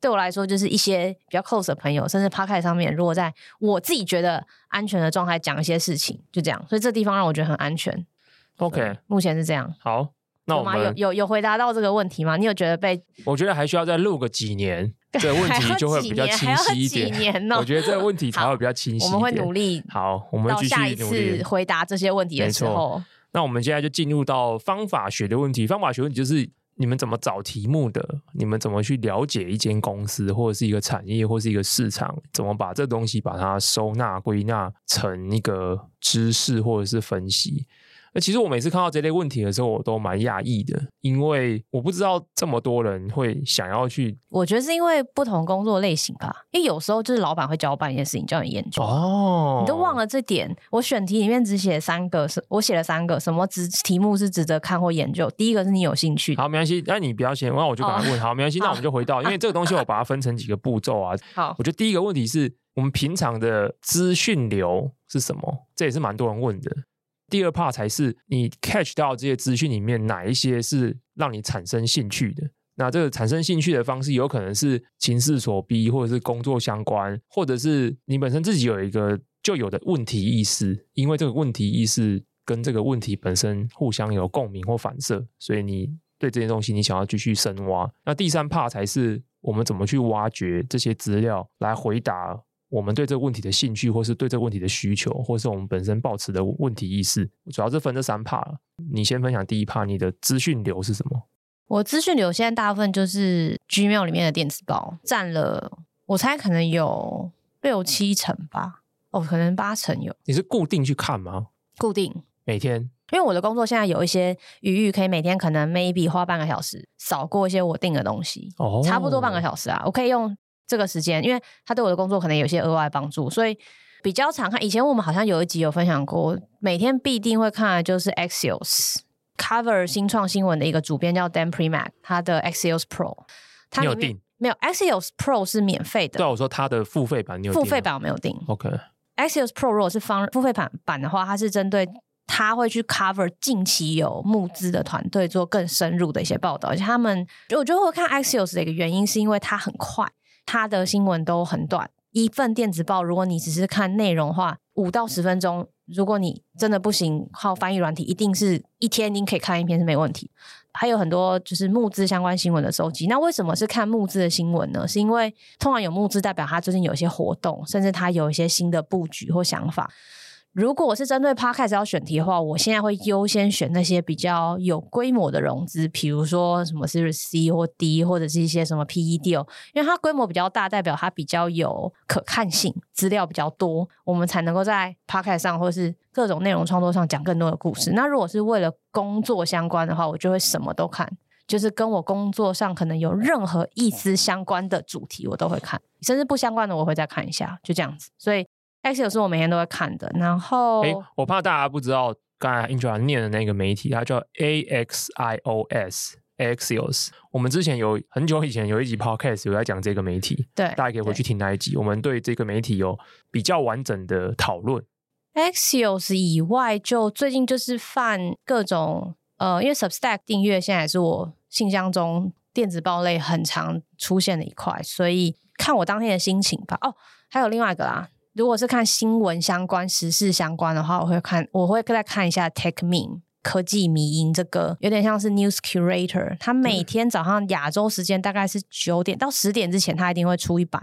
對我來說，就是一些比較 close 的朋友，甚至 podcast 上面，如果在我自己覺得安全的狀態講一些事情，就這樣。所以這地方讓我覺得很安全。OK，目前是這樣。好，那我們有有、有回答到這個問題嗎？你有覺得被？我覺得還需要再錄個幾年， 還要幾年這個問題就會比較清晰一點。還要幾年我覺得這個問題才會比較清晰。我們會努力。好，我們繼續努力到下一次回答這些問題的時候。那我們現在就進入到方法學的問題，方法學問題就是你們怎麼找題目的，你們怎麼去了解一間公司或者是一個產業或是一個市場，怎麼把這東西把它收納歸納成一個知識或者是分析。那其實我每次看到這類問題的時候，我都蠻訝異的，因為我不知道這麼多人會想要去。我覺得是因為不同工作類型吧，因為有時候就是老闆會交辦一些事情，叫你研究哦。你都忘了這點，我選題裡面只寫三個，是我寫了三個，什麼值題目是值得看或研究。第一個是你有興趣，好，沒關係。那你不要寫，那我就把它問，哦。好，沒關係，那我們就回到， 因為這個東西我把它分成幾個步驟啊。 好，我覺得第一個問題是，我們平常的資訊流是什麼？這也是蠻多人問的。第二 part 才是你 catch 到這些資訊裡面哪一些是讓你產生興趣的。那這個產生興趣的方式有可能是情勢所逼，或者是工作相關，或者是你本身自己有一個就有的問題意識。因為這個問題意識跟這個問題本身互相有共鳴或反射，所以你對這些東西你想要繼續深挖。那第三 part 才是我們怎麼去挖掘這些資料來回答。我們對這個問題的興趣，或是對這個問題的需求，或是我們本身抱持的問題意識，主要是分這三 part。你先分享第一 part，你的資訊流是什麼？我資訊流現在大部分就是 Gmail 裡面的電子報，占了我猜可能有六七成吧，哦，可能八成有。你是固定去看嗎？固定每天，因為我的工作現在有一些餘裕，可以每天可能 maybe 花半個小時掃過一些我訂的東西，哦、差不多半個小時啊，我可以用。這個時間，因為他對我的工作可能有些額外幫助，所以比較常看。以前我們好像有一集有分享過，每天必定會看的，就是 Axios Cover 新創新聞的一個主編叫 Dan Primack，他的 Axios Pro。你有訂，沒有，Axios Pro 是免費的。對，我說他的付費版有，有付費版我沒有訂。OK，Axios Pro 如果是方付費版版的話，它是針對他會去 cover 近期有募資的團隊做更深入的一些報道，而且他們我就會看 Axios 的一個原因是因為它很快。他的新聞都很短，一份電子報，如果你只是看內容的話，五到十分鐘。如果你真的不行，靠，翻譯軟體，一定是一天，你可以看一篇是沒問題。還有很多就是募資相關新聞的收集。那為什麼是看募資的新聞呢？是因為通常有募資代表他最近有一些活動，甚至他有一些新的布局或想法。如果我是針對 Podcast 要選題的話，我現在會優先選那些比較有規模的融資，比如說什麼 Series C 或 D，或者是一些什麼 PE deal，因為它規模比較大，代表它比較有可看性，資料比較多，我們才能夠在 Podcast 上或是各種內容創作上講更多的故事。那如果是為了工作相關的話，我就會什麼都看，就是跟我工作上可能有任何一絲相關的主題我都會看，甚至不相關的我會再看一下，就這樣子。所以。Axios 是我每天都會看的，然後、欸、我怕大家不知道，剛才 Ingrid 念的那個媒體，它叫 Axios。Axios，我們之前有很久以前有一集 Podcast 有在講這個媒體，對，大家可以回去聽那一集，我們對這個媒體有比較完整的討論。Axios 以外，就最近就是犯各種呃，因為 Substack 訂閱現在也是我信箱中電子報類很常出現的一塊，所以看我當天的心情吧。哦，還有另外一個啦。如果是看新聞相關、時事相關的話，我會看，我會再看一下 Tech Meme 科技迷因這個，有點像是 News Curator，他每天早上亞洲時間大概是九點到十點之前，他一定會出一版，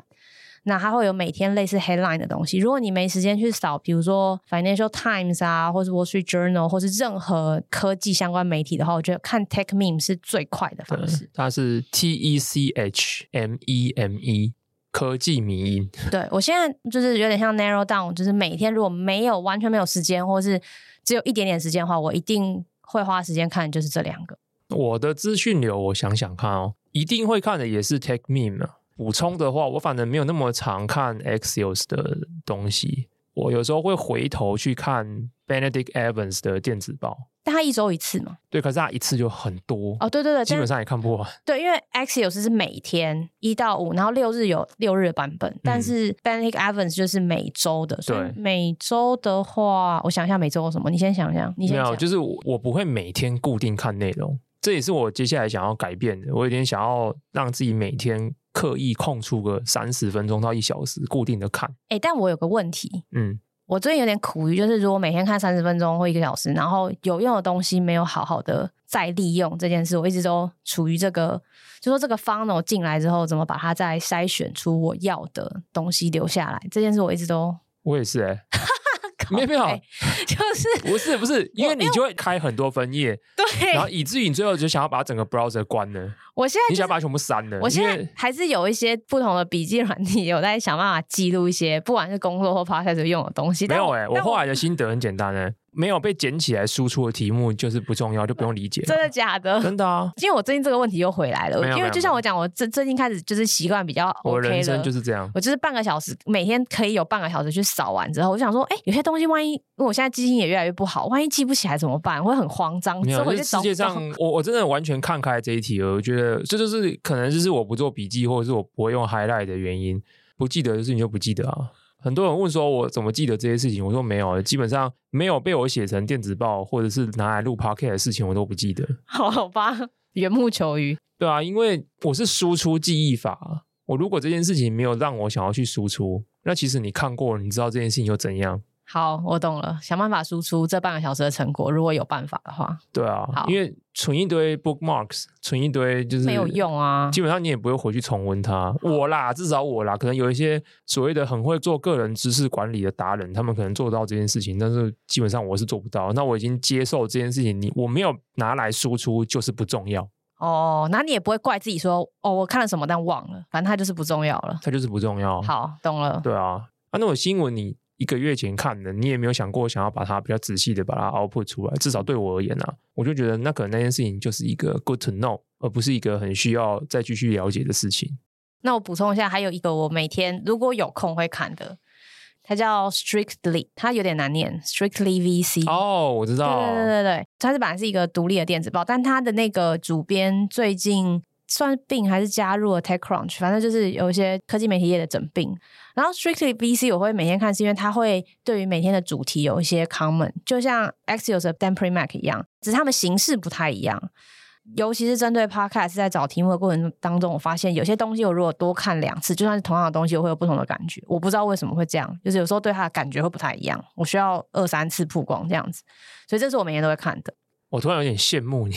那他會有每天類似 Headline 的東西。如果你沒時間去掃，比如說 Financial Times 啊，或是 Wall Street Journal，或是任何科技相關媒體的話，我覺得看 Tech Meme 是最快的方式。嗯，它是 T E C H M E M E。科技迷因， 對，我現在就是有點像 narrow down，就是每天如果沒有完全沒有時間，或者是只有一點點時間的話，我一定會花時間看，就是這兩個。我的資訊流，我想想看哦，一定會看的也是 tech meme 啊。補充的話，我反正沒有那麼常看 Axios 的東西。我有時候會回頭去看 Benedict Evans 的電子報，但他一周一次嘛？對，可是他一次就很多哦。對對對，基本上也看不完。對，因為 X 有時是每天一到五，然後六日有六日的版本、嗯，但是 Benedict Evans 就是每周的。對，每周的話，我想一下每周有什麼？你先想一下，你先想。沒有，就是我，我不會每天固定看內容，這也是我接下來想要改變的。我有點想要讓自己每天。刻意空出個三十分鐘到一小時固定的看，哎、欸，但我有個問題，嗯，我最近有點苦於，就是如果每天看三十分鐘或一個小時，然後有用的東西沒有好好的再利用這件事，我一直都處於這個，就說這個 funnel 進來之後，怎麼把它再篩選出我要的東西留下來這件事，我一直都，我也是哎、欸。 Okay. 沒有沒有， 就是不是不是，因為你就會開很多分頁、欸，對，然後以至於你最後就想要把整個 browser 關了。我現在、就是、你想把它全部刪了？我現在還是有一些不同的筆記軟體，有在想辦法記錄一些，不管是工作或 podcast 用的東西。沒有哎、欸，我後來的心得很簡單、啊。沒有被撿起來輸出的題目就是不重要，就不用理解。真的假的？真的啊！因為我最近這個問題又回來了，因為就像我講，我最最近開始就是習慣比較、OK、我人生就是這樣。我就是半個小時，每天可以有半個小時去掃完之後，我就想說，誒、欸、有些東西萬一，因為我現在記性也越來越不好，萬一記不起來怎麼辦？我會很慌張。沒有，我就是、世界上我我真的完全看開這一題了，我覺得這就是可能就是我不做筆記或者是我不會用 highlight 的原因，不記得就是你就不記得啊。很多人問說，我怎麼記得這些事情？我說沒有了，基本上沒有被我寫成電子報或者是拿來錄 podcast 的事情，我都不記得。好，好吧，緣木求魚。對啊，因為我是輸出記憶法。我如果這件事情沒有讓我想要去輸出，那其實你看過了，你知道這件事情又怎樣？好，我懂了。想辦法輸出這半個小時的成果，如果有辦法的話。對啊，好。因為存一堆 bookmarks，存一堆就是沒有用啊。基本上你也不會回去重溫它。我啦，至少我啦，可能有一些所謂的很會做個人知識管理的達人，他們可能做得到這件事情，但是基本上我是做不到。那我已經接受這件事情，你我沒有拿來輸出就是不重要。哦，那你也不會怪自己說哦，我看了什麼但忘了，反正它就是不重要了，它就是不重要。好，懂了。對啊，啊，那我新聞你。一個月前看的，你也沒有想過想要把它比較仔細的把它 output 出來。至少對我而言呢、啊，我就覺得那可能那件事情就是一個 good to know，而不是一個很需要再繼續了解的事情。那我補充一下，還有一個我每天如果有空會看的，它叫 Strictly，它有點難念，Strictly VC。哦、oh，我知道，對對對對，它是本來是一個獨立的電子報，但它的那個主編最近。算病還是加入了 TechCrunch，反正就是有一些科技媒體業的整病。然後 Strictly VC 我會每天看，是因為它會對於每天的主題有一些 common，就像 Axios 就是 Dan Primack 一樣，只是他們形式不太一樣。尤其是針對 Podcast 是在找題目的過程當中，我發現有些東西我如果多看兩次，就算是同樣的東西，我會有不同的感覺。我不知道為什麼會這樣，就是有時候對它的感覺會不太一樣。我需要二三次曝光這樣子，所以這是我每天都會看的。我突然有點羨慕你。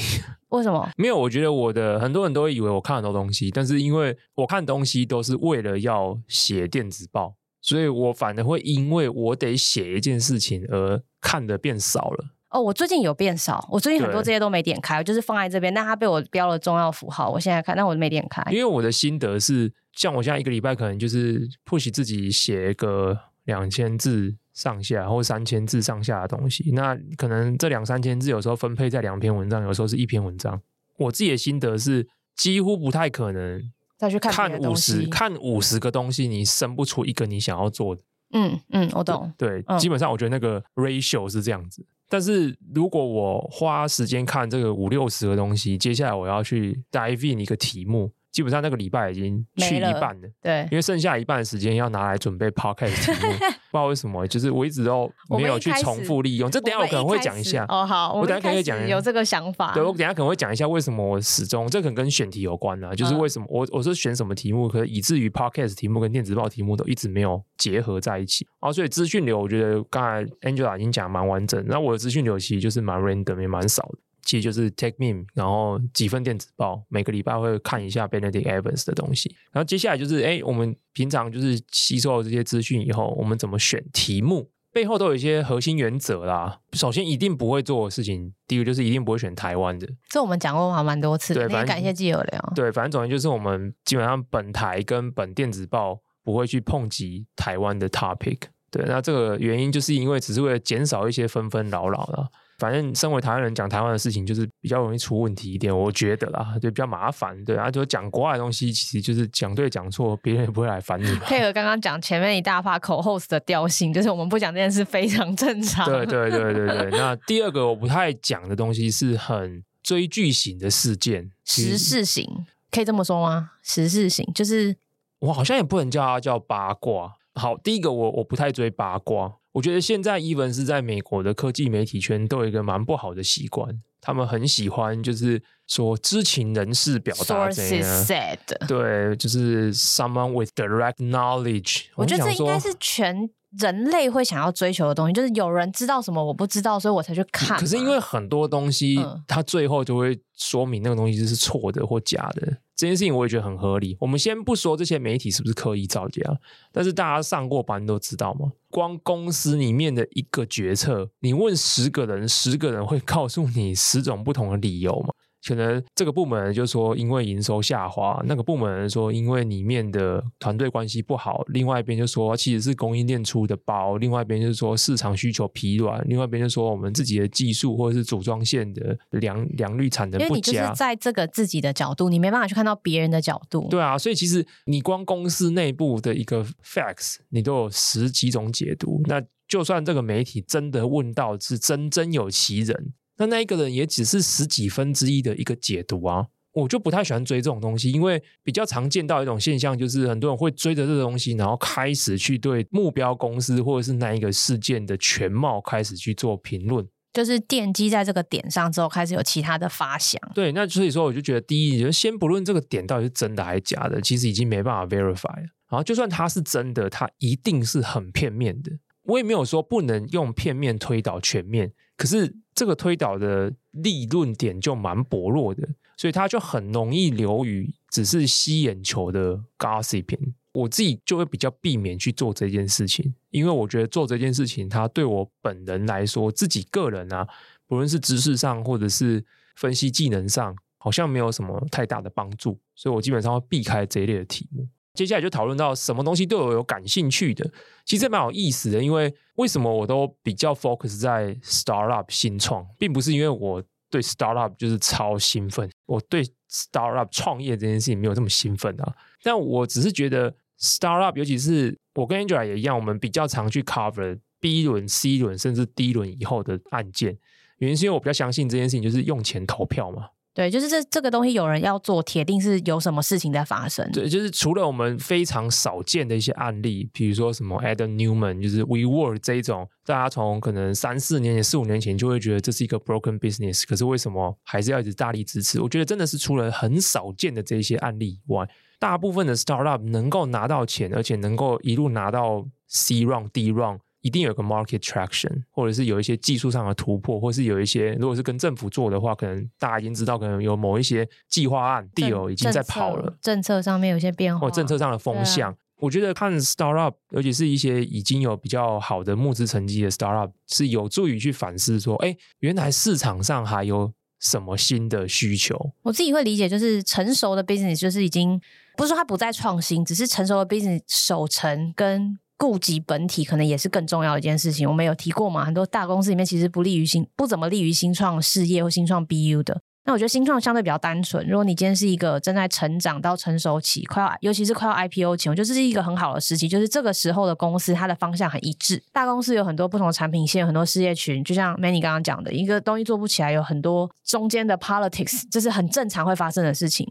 為什麼？沒有，我覺得我的很多人都會以為我看很多東西，但是因為我看東西都是為了要寫電子報，所以我反而會因為我得寫一件事情而看得變少了。哦，我最近有變少，我最近很多這些都沒點開，就是放在這邊，但它被我標了重要符號，我現在看，那我沒點開。因為我的心得是，像我現在一個禮拜可能就是 push 自己寫個兩千字。上下或三千字上下的東西，那可能這兩三千字有時候分配在兩篇文章，有時候是一篇文章。我自己的心得是，幾乎不太可能看50，再去看看五十看五十個東西，你生不出一個你想要做的。嗯嗯，我懂。對，對，嗯，基本上我覺得那個 ratio 是這樣子。但是如果我花時間看這個五六十個東西，接下來我要去 dive in 一個題目。基本上那個禮拜已經去一半了,了，對，因為剩下一半的時間要拿來準備 Podcast 題目， 不知道為什麼，就是我一直都沒有去重複利用。一這等一下我可能會講一下。一哦好，我等一下可以講。一有這個想法。對，我等一下可能會講一下為什麼我始終這可能跟選題有關呢、啊？就是為什麼、嗯、我我是選什麼題目，可是以至於 Podcast 題目跟電子報題目都一直沒有結合在一起哦、啊，所以資訊流，我覺得剛才 Angela 已經講蠻完整，那我的資訊流其實就是蠻 random 也蠻少的。其實就是 Techmeme，然後幾份電子報，每個禮拜會看一下 Benedict Evans 的東西。然後接下來就是，哎，我們平常就是吸收了這些資訊以後，我們怎麼選題目，背後都有一些核心原則啦。首先，一定不會做的事情，第一個就是一定不會選台灣的。這我們講過還蠻多次的，蠻感謝基友了。對，反正總之就是我們基本上本台跟本電子報不會去碰及台灣的 topic。對，那這個原因就是因為只是為了減少一些紛紛擾擾啦。反正身為台灣人講台灣的事情，就是比較容易出問題一點，我覺得啦，就比較麻煩。對啊，就講國外的東西，其實就是講對講錯，別人也不會來煩你。配合剛剛講前面一大趴口 host 的調性，就是我們不講這件事非常正常。對對對對對。 那第二個我不太講的東西，是很追劇型的事件，就是、時事型可以這麼說嗎？時事型就是我好像也不能叫它叫八卦。好，第一個我我不太追八卦。我覺得現在 even 是在美國的科技媒體圈都有一個蠻不好的習慣，他們很喜歡就是說知情人士表達這些對，就是 someone with direct knowledge。我覺得這應該是全人類會想要追求的東西，就是有人知道什麼我不知道，所以我才去看。可是因為很多東西、嗯，它最後就會說明那個東西是錯的或假的。這件事情我也覺得很合理。我們先不說這些媒體是不是刻意造假，但是大家上過班都知道嘛，光公司裡面的一個決策，你問十個人，十個人會告訴你十種不同的理由嗎？可能這個部門就說因為營收下滑，那個部門說因為裡面的團隊關係不好，另外一邊就說其實是供應鏈出的包，另外一邊就是說市場需求疲軟，另外一邊就說我們自己的技術或者是組裝線的良良率產能不佳。因為你就是在這個自己的角度，你沒辦法去看到別人的角度。對啊，所以其實你光公司內部的一個 facts，你都有十幾種解讀。那就算這個媒體真的問到是真真有其人。那那一個人也只是十幾分之一的一個解讀啊，我就不太喜歡追這種東西，因為比較常見到一種現象，就是很多人會追着這個東西，然後開始去對目標公司或者是那一個事件的全貌開始去做評論，就是奠基在這個點上之後，開始有其他的發想。對，那所以說我就覺得，第一，你就先不論這個點到底是真的還是假的，其實已經沒辦法 verify 了。然後就算它是真的，它一定是很片面的。我也沒有說不能用片面推導全面，可是，這個推導的立論點就蠻薄弱的，所以它就很容易流於只是吸眼球的 gossiping。我自己就會比較避免去做這件事情，因為我覺得做這件事情，它對我本人來說，自己個人啊，不論是知識上或者是分析技能上，好像沒有什麼太大的幫助，所以我基本上會避開這一類的題目。接下來就討論到什麼東西對我有感興趣的，其實也蠻有意思的。因為為什麼我都比較 focus 在 startup 新創，並不是因為我對 startup 就是超興奮，我對 startup 創業這件事情沒有這麼興奮啊。但我只是覺得 startup，尤其是我跟 Angela 也一樣，我們比較常去 cover B 輪、C 輪，甚至 D 輪以後的案件，原因是因為我比較相信這件事情，就是用錢投票嘛。對，就是這這個東西有人要做，鐵定是有什麼事情在發生。對，就是除了我們非常少見的一些案例，比如說什麼 Adam Newman，就是 WeWork 這一種，大家從可能三四年前、四五年前就會覺得這是一個 broken business，可是為什麼還是要一直大力支持？我覺得真的是除了很少見的這些案例以外，大部分的 startup 能夠拿到錢，而且能夠一路拿到 C round、D round。一定有個 market traction，或者是有一些技術上的突破，或者是有一些，如果是跟政府做的話，可能大家已經知道，可能有某一些計劃案 deal 已經在跑了。政策上面有一些變化，或者政策上的風向，啊、我覺得看 startup，尤其是一些已經有比較好的募資成績的 startup，是有助於去反思說，哎，原來市場上還有什麼新的需求。我自己會理解，就是成熟的 business 就是已經不是說它不再創新，只是成熟的 business 守成跟。顧及本體可能也是更重要的一件事情。我們有提過嘛？很多大公司裡面其實不利於新不怎麼利於新創事業或新創 BU 的。那我覺得新創相對比較單純。如果你今天是一個正在成長到成熟期，快要尤其是快要 IPO 前，我覺得這是一個很好的時機。就是這個時候的公司，它的方向很一致。大公司有很多不同的產品線、很多事業群，就像 Manny 剛剛講的，一個東西做不起來，有很多中間的 Politics，這是很正常會發生的事情。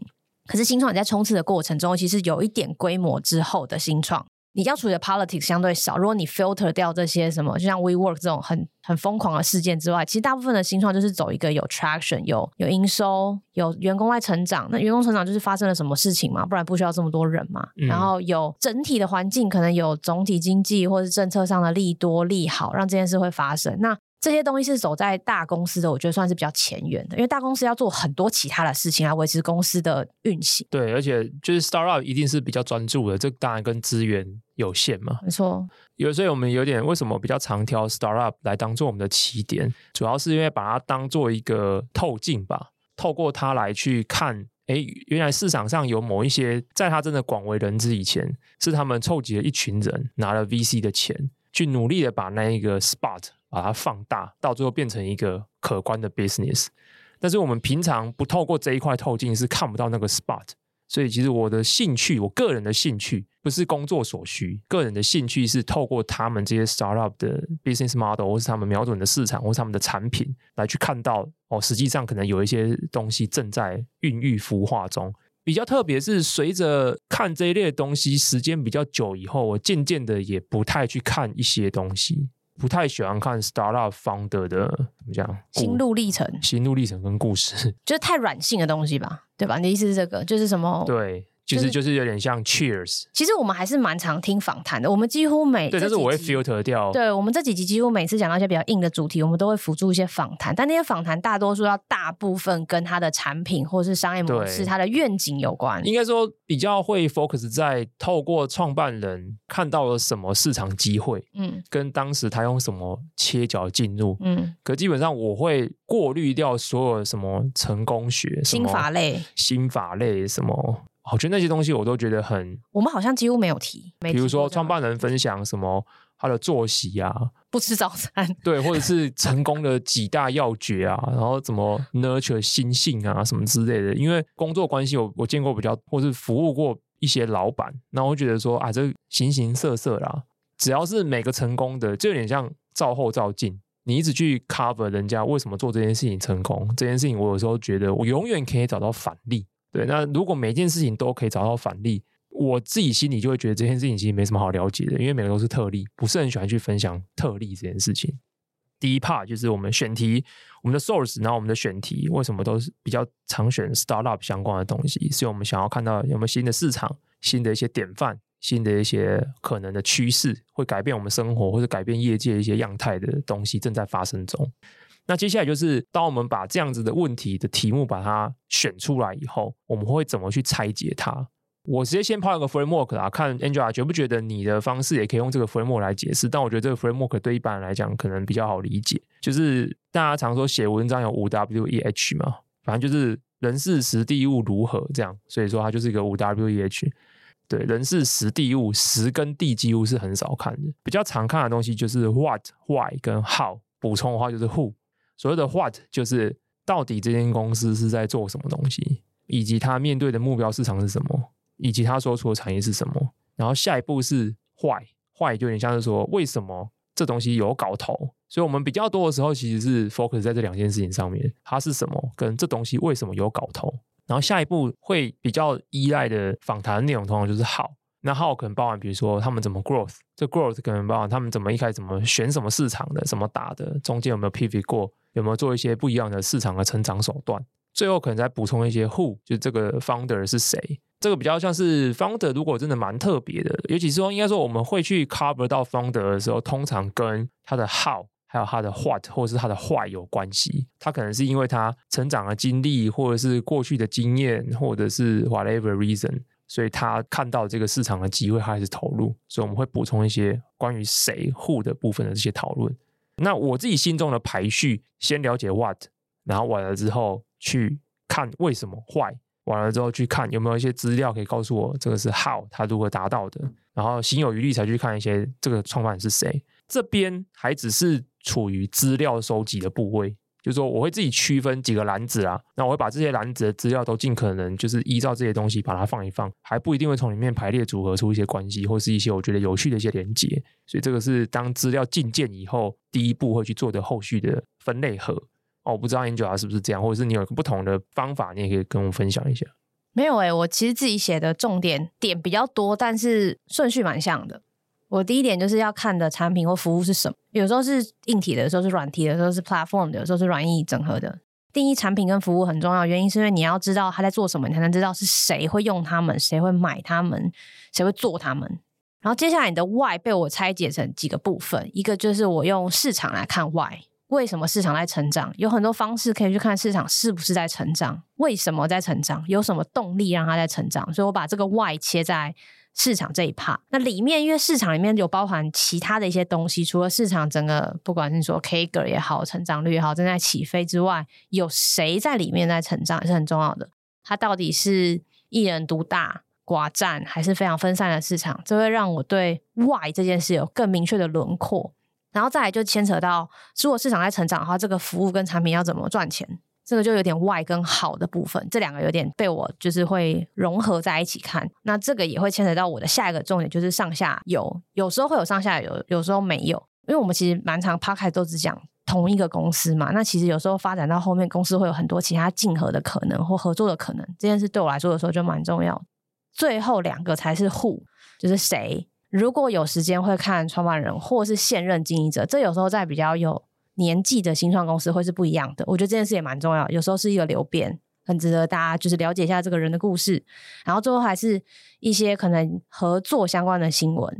可是新創你在衝刺的過程中，其實有一點規模之後的新創。你要處理的 politics 相對少，如果你 filter 掉這些什麼，就像 WeWork 這種很很瘋狂的事件之外，其實大部分的新創就是走一個有 traction 有、有有營收、有員工在成長。那員工成長就是發生了什麼事情嘛？不然不需要這麼多人嘛？嗯、然後有整體的環境，可能有總體經濟或是政策上的利多利好，讓這件事會發生。那這些東西是走在大公司的，我覺得算是比較前沿的，因為大公司要做很多其他的事情來維持公司的運行。對，而且就是 startup 一定是比較專注的，這當然跟資源有限嘛。沒錯，所以我們有點為什麼比較常挑 startup 來當做我們的起點，主要是因為把它當做一個透鏡吧，透過它來去看，哎，原來市場上有某一些，在它真的廣為人知以前，是他們湊集了一群人，拿了 VC 的錢，去努力的把那一個 spot。把它放大，到最後變成一個可觀的 business。但是我們平常不透過這一塊透鏡是看不到那個 spot。所以，其實我的興趣，我個人的興趣，不是工作所需。個人的興趣是透過他們這些 startup 的 business model，或是他們瞄準的市場，或是他們的產品來去看到哦。實際上，可能有一些東西正在孕育、孵化中。比較特別是隨着看這一類的東西時間比較久以後，我漸漸的也不太去看一些東西。不太喜歡看 startup founder 的怎麼講？心路歷程、心路歷程跟故事，就是太軟性的東西吧？對吧？你的意思是這個，就是什麼？對。就是、其實就是有點像 Cheers。其實我們還是蠻常聽訪談的。我們幾乎每對，但是我會 filter 掉。對，我們這幾集幾乎每次講到一些比較硬的主題，我們都會輔助一些訪談。但那些訪談大多數要大部分跟他的產品或者是商業模式、他的願景有關。應該說比較會 focus 在透過創辦人看到了什麼市場機會，嗯，跟當時他用什麼切角進入，嗯。可基本上我會過濾掉所有什麼成功學、心法類、心法類什麼。我覺得那些東西我都覺得很，我們好像幾乎沒有提。比如說創辦人分享什麼他的作息啊，不吃早餐，對，或者是成功的幾大要訣啊， 然後怎麼 nurture 心性啊，什麼之類的。因為工作關係，我我見過比較，或是服務過一些老板，那我覺得說啊，這形形色色啦，只要是每個成功的，就有點像照後照鏡，你一直去 cover 人家為什麼做這件事情成功，這件事情，我有時候覺得我永遠可以找到反例。對，那如果每一件事情都可以找到反例，我自己心裡就會覺得這件事情其實沒什麼好了解的，因為每個都是特例，不是很喜歡去分享特例這件事情。第一 part 就是我們選題，我們的 source，然後我們的選題為什麼都是比較常選 startup 相關的東西？是因為我們想要看到有沒有新的市場、新的一些典範、新的一些可能的趨勢，會改變我們生活或者改變業界一些樣態的東西正在發生中。那接下來就是，當我們把這樣子的問題的題目把它選出來以後，我們會怎麼去拆解它？我直接先拋一個 framework 啊，看 Angela 覺不覺得你的方式也可以用這個 framework 來解釋？但我覺得這個 framework 對一般人來講可能比較好理解，就是大家常說寫文章有五 W E H 嘛，反正就是人事時地物如何這樣，所以說它就是一個五 W E H。對，人事時地物，時跟地幾乎是很少看的，比較常看的東西就是 What、Why、跟 How。補充的話就是 Who。所謂的 “what” 就是到底這間公司是在做什麼東西，以及它面對的目標市場是什麼，以及它所處的產業是什麼。然後下一步是 “why”，“why” why 就有點像是說為什麼這東西有搞頭。所以我們比較多的時候其實是 focus 在這兩件事情上面：它是什麼，跟這東西為什麼有搞頭。然後下一步會比較依賴的訪談的內容通常就是 how。那 how 可能包含比如說他們怎麼 growth，這 growth 可能包含他們怎麼一開始怎麼選什麼市場的，怎麼打的，中間有沒有 pivot 過，有沒有做一些不一樣的市場的成長手段，最後可能再補充一些 who，就這個 founder 是誰。這個比較像是 founder 如果真的蠻特別的，尤其是說應該說我們會去 cover 到 founder 的時候，通常跟他的 how，還有他的 what 或者是他的 why 有關係。他可能是因為他成長的經歷，或者是過去的經驗，或者是 whatever reason。所以他看到這個市場的機會，他還是投入。所以我們會補充一些關於誰 who 的部分的這些討論。那我自己心中的排序，先了解 what，然後完了之後去看為什麼 why，完了之後去看有沒有一些資料可以告訴我這個是 how，他如何達到的，然後行有餘力才去看一些這個創辦人是誰。這邊還只是處於資料收集的部位。就是說，我會自己區分幾個籃子啊，那我會把這些籃子的資料都盡可能就是依照這些東西把它放一放，還不一定會從裡面排列組合出一些關係或是一些我覺得有趣的一些連接，所以這個是當資料進件以後第一步會去做的後續的分類和哦，啊、我不知道 Angel 是不是這樣，或者是你有個不同的方法，你也可以跟我分享一下。沒有哎、欸，我其實自己寫的重點點比較多，但是順序蠻像的。我第一點就是要看的產品或服務是什麼，有時候是硬體的，有時候是軟體的，有時候是 platform 的，有時候是軟硬整合的。定義產品跟服務很重要，原因是因為你要知道它在做什麼，你才能知道是誰會用它們，誰會買它們，誰會做它們。然後接下來你的 why 被我拆解成幾個部分，一個就是我用市場來看 why，為什麼市場在成長？有很多方式可以去看市場是不是在成長，為什麼在成長，有什麼動力讓它在成長？所以我把這個 why 切在。市場這一 part，那裡面因為市場裡面有包含其他的一些東西，除了市場整個不管是說 CAGR 也好，成長率也好，正在起飛之外，有誰在裡面在成長也是很重要的。它到底是一人獨大寡占，還是非常分散的市場，這會讓我對外這件事有更明確的輪廓。然後再來就牽扯到，如果市場在成長的話，這個服務跟產品要怎麼賺錢？這個就有點 why 跟好的部分，這兩個有點被我就是會融合在一起看。那這個也會牽扯到我的下一個重點，就是上下游。有時候會有上下游，有時候沒有，因為我們其實蠻常 p 開都只講同一個公司嘛。那其實有時候發展到後面，公司會有很多其他競合的可能或合作的可能，這件事對我來說的時候就蠻重要。最後兩個才是 who，就是誰，如果有時間會看創辦人或是現任經營者，這有時候在比較有。年紀的新創公司會是不一樣的，我覺得這件事也蠻重要。有時候是一個流變，很值得大家就是了解一下這個人的故事。然後最後還是一些可能合作相關的新聞，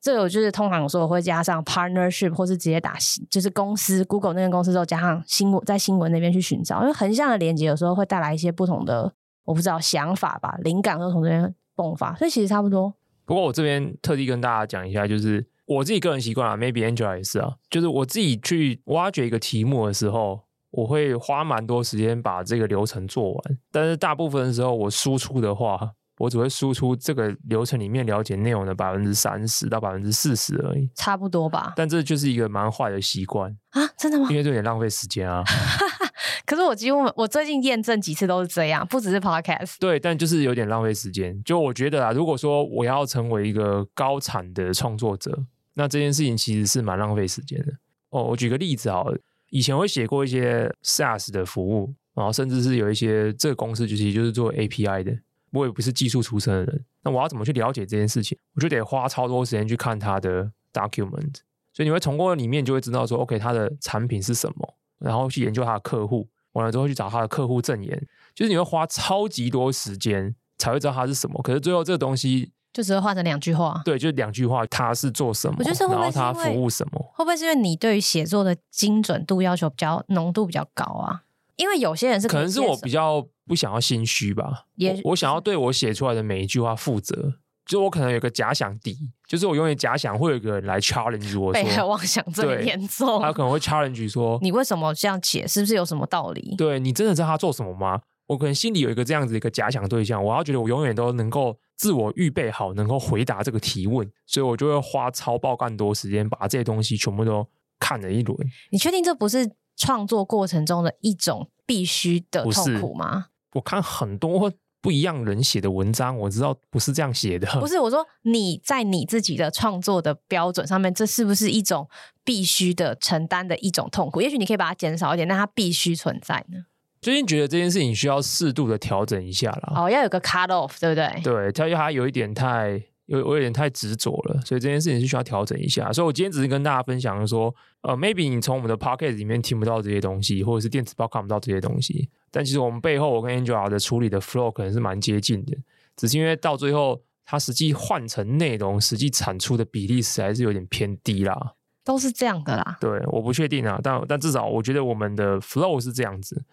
這有、個、就是通常說我會加上 partnership，或是直接打就是公司 Google 那間公司之後加上新聞，在新聞那邊去尋找，因為橫向的連接有時候會帶來一些不同的我不知道想法吧，靈感都從這邊迸發。所以其實差不多。不過我這邊特地跟大家講一下，就是。我自己個人習慣啊，maybe Angela 也是啊，就是我自己去挖掘一個題目的時候，我會花蠻多時間把這個流程做完。但是大部分的時候，我輸出的話，我只會輸出這個流程裡面了解內容的百分之三十到百分之四十而已，差不多吧。但這就是一個蠻壞的習慣啊，真的嗎？因為就有點浪費時間啊。 可是我幾乎我最近驗證幾次都是這樣，不只是 podcast。對，但就是有點浪費時間。就我覺得啊，如果說我要成為一個高產的創作者。那這件事情其實是蠻浪費時間的哦。Oh, 我舉個例子啊，以前我寫過一些 SaaS 的服務，然後甚至是有一些這個公司其實就是做 API 的。我也不是技術出身的人，那我要怎麼去了解這件事情？我就得花超多時間去看它的 document。所以你會通過裡面就會知道說，OK，它的產品是什麼，然後去研究它的客戶，完了之後去找它的客戶證言。就是你會花超級多時間才會知道它是什麼。可是最後這個東西。就只會畫成兩句話，對，就兩句話。他是做什麼會會？然後他服務什麼？會不會是因為你對於寫作的精準度要求比較濃度比較高啊？因為有些人是可能,可能是我比較不想要心虛吧我，我想要對我寫出來的每一句話負責，就我可能有個假想敵，就是我永遠假想會有一個人來 challenge 我說 妄想這麼嚴重，他可能會 challenge 說你為什麼這樣寫？是不是有什麼道理？對你真的知道他做什麼嗎？我可能心裡有一個這樣子一個假想對象，我要覺得我永遠都能夠自我預備好，能夠回答這個提問，所以我就會花超爆更多時間把這些東西全部都看了一輪。你確定這不是創作過程中的一種必須的痛苦嗎？我看很多不一樣人寫的文章，我知道不是這樣寫的。不是，我說你在你自己的創作的標準上面，這是不是一種必須的承擔的一種痛苦？也許你可以把它減少一點，但它必須存在呢。最近覺得這件事情需要適度的調整一下啦。哦，要有個 cut off，對不對？對，他他有一點太有，我有點太執着了，所以這件事情是需要調整一下。所以，我今天只是跟大家分享說，呃，maybe 你從我們的 podcast 裡面聽不到這些東西，或者是電子報看不到這些東西，但其實我們背後我跟 Angela 的處理的 flow 可能是蠻接近的，只是因為到最後它實際換成內容實際產出的比例實在還是有點偏低啦。都是這樣的啦。對，我不確定啊，但但至少我覺得我們的 flow 是這樣子。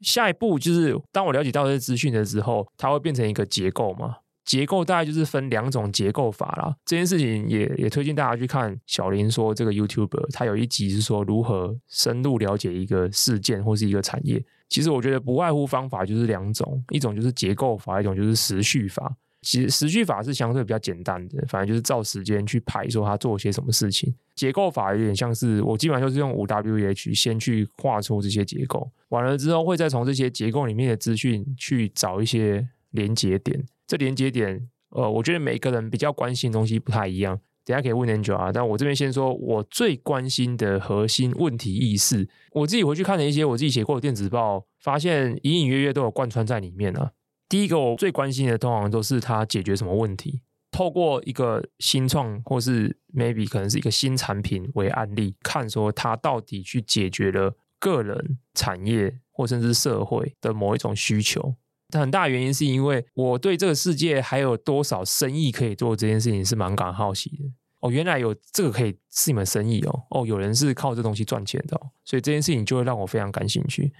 下一步就是，當我了解到這些資訊的時候，它會變成一個結構嘛？結構大概就是分兩種結構法啦，這件事情也也推薦大家去看小林說這個 YouTuber，他有一集是說如何深入了解一個事件或是一個產業。其實我覺得不外乎方法就是兩種，一種就是結構法，一種就是時序法。其實時序法是相對比較簡單的，反正就是照時間去排，說他做些什麼事情。結構法有點像是我基本上就是用五 W H 先去畫出這些結構，完了之後會再從這些結構裡面的資訊去找一些連接點。這連接點，呃，我覺得每個人比較關心的東西不太一樣。等下可以問 Andrew 啊，但我這邊先說，我最關心的核心問題意識，我自己回去看了一些我自己寫過的電子報，發現隱隱約約都有貫穿在裡面啊。第一個我最關心的，通常都是它解決什麼問題。透過一個新創，或是 maybe 可能是一個新產品為案例，看說它到底去解決了個人、產業或甚至社會的某一種需求。但很大的原因是因為我對這個世界還有多少生意可以做這件事情是蠻感好奇的。哦，原來有這個可以是一門生意哦。哦，有人是靠這東西賺錢的哦，所以這件事情就會讓我非常感興趣。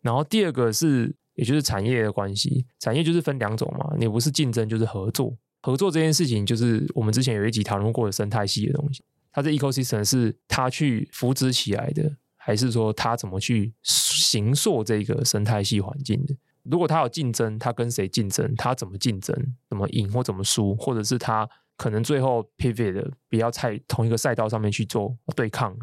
然後第二個是，也就是產業的關係，產業就是分兩種嘛，你不是競爭就是合作。合作這件事情，就是我們之前有一集討論過的生態系的東西。它這個 ecosystem 是它去扶植起來的，還是說它怎麼去形塑這個生態系環境的？如果它有競爭，它跟誰競爭？它怎麼競爭？怎麼贏或怎麼輸？或者是它可能最後 pivot 了，比較在同一個賽道上面去做對抗？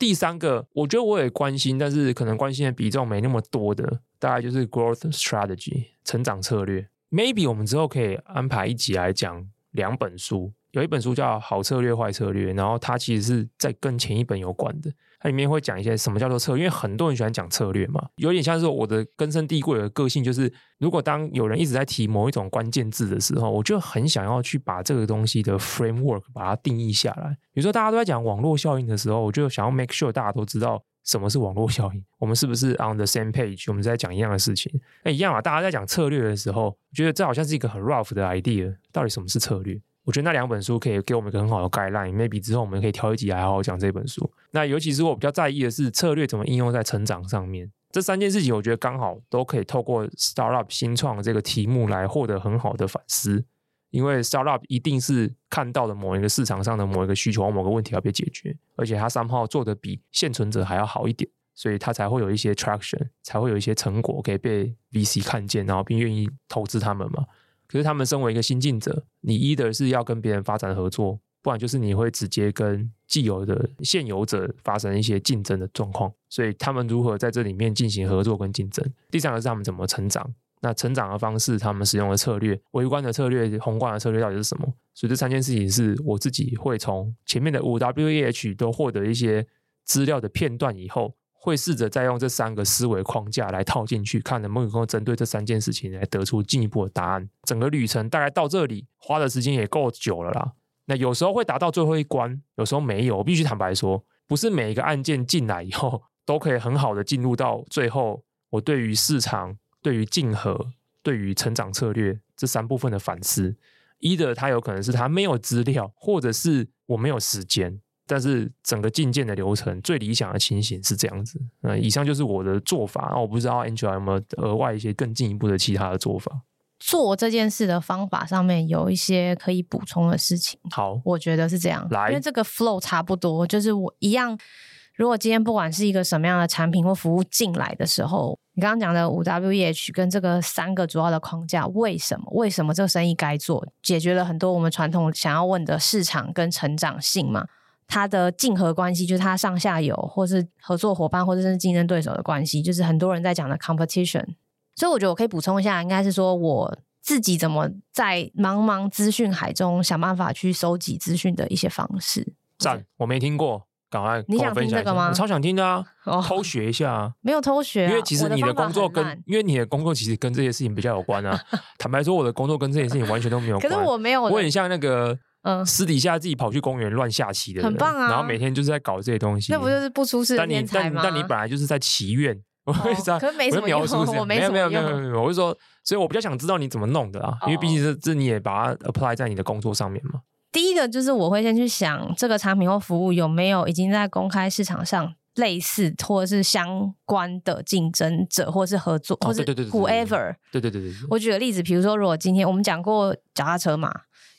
第三個，我覺得我也關心，但是可能關心的比重沒那麼多的，大概就是 growth strategy 成長策略。Maybe 我們之後可以安排一集來講兩本書，有一本書叫《好策略壞策略》，然後它其實是在跟前一本有關的。它裡面會講一些什麼叫做策略，因為很多人喜歡講策略嘛，有點像是我的根深蒂固的個性。就是如果當有人一直在提某一種關鍵字的時候，我就很想要去把這個東西的 framework 把它定義下來。比如說大家都在講網絡效應的時候，我就想要 make sure 大家都知道。什麼是網絡效應？我們是不是 on the same page？我們在講一樣的事情？哎，一樣啊！大家在講策略的時候，覺得這好像是一個很 rough 的 idea。到底什麼是策略？我覺得那兩本書可以給我們一個很好的 guideline。Maybe 之後我們可以挑一集來好好講這本書。那尤其是我比較在意的是策略怎麼應用在成長上面。這三件事情，我覺得剛好都可以透過 startup 新創這個題目來獲得很好的反思。因為 startup 一定是看到了某一個市場上的某一個需求，或某個問題要被解決而且他 somehow 做得比現存者還要好一點，所以他才會有一些 traction，才會有一些成果可以被 VC 看見，然後並願意投資他們嘛。可是他們身為一個新進者，你 either 是要跟別人發展合作，不然就是你會直接跟既有的現有者發生一些競爭的狀況。所以他們如何在這裡面進行合作跟競爭？第三個是他們怎麼成長？那成長的方式，他們使用的策略，微觀的策略，宏觀的策略到底是什麼？所以這三件事情是我自己會從前面的五 W、H 都獲得一些資料的片段以後，會試着再用這三個思維框架來套進去，看能不能夠針對這三件事情來得出進一步的答案。整個旅程大概到這裡，花的時間也夠久了啦。那有時候會達到最後一關，有時候沒有。我必須坦白說，不是每一個案件進來以後都可以很好的進入到最後。我對於市場。對於進合、對於成長策略這三部分的反思，一的他有可能是他沒有資料，或者是我沒有時間。但是整個進件的流程，最理想的情形是這樣子。以上就是我的做法。那、啊、我不知道 Angela 有沒有額外一些更進一步的其他的做法？做這件事的方法上面有一些可以補充的事情。好，我覺得是這樣。來，因為這個 flow 差不多，就是我一樣。如果今天不管是一個什麼樣的產品或服務進來的時候。你剛剛講的五 W H 跟這個三個主要的框架，為什麼為什麼這個生意該做，解決了很多我們傳統想要問的市場跟成長性嘛，它的競合關係就是它上下游或是合作夥伴或者是競爭對手的關係，就是很多人在講的 competition。所以我覺得我可以補充一下，應該是說我自己怎麼在茫茫資訊海中想辦法去收集資訊的一些方式。讚，我沒聽過。你想聽這個嗎？超想聽的啊、哦！偷學一下啊！沒有偷學、啊，因為其實你的工作跟因為你的工作其實跟這些事情比較有關啊。 坦白說，我的工作跟這些事情完全都沒有關。可是我沒有，我很像那個私底下自己跑去公園亂下棋的，很棒啊！然後每天就是在搞這些東西，啊、那不就是不出事，但你但但你本來就是在棋院、哦、 我知道，可是沒什麼用，我沒沒有沒有沒有，我會說，所以我比較想知道你怎麼弄的啊、哦，因為畢竟是這你也把它 apply 在你的工作上面嘛。第一個就是我會先去想這個產品或服務有沒有已經在公開市場上類似或者是相關的競爭者，或者是合作，或者是 whoever。Oh, 對對對對，對，對，對，對對對。我舉個例子，比如說，如果今天我們講過腳踏車嘛，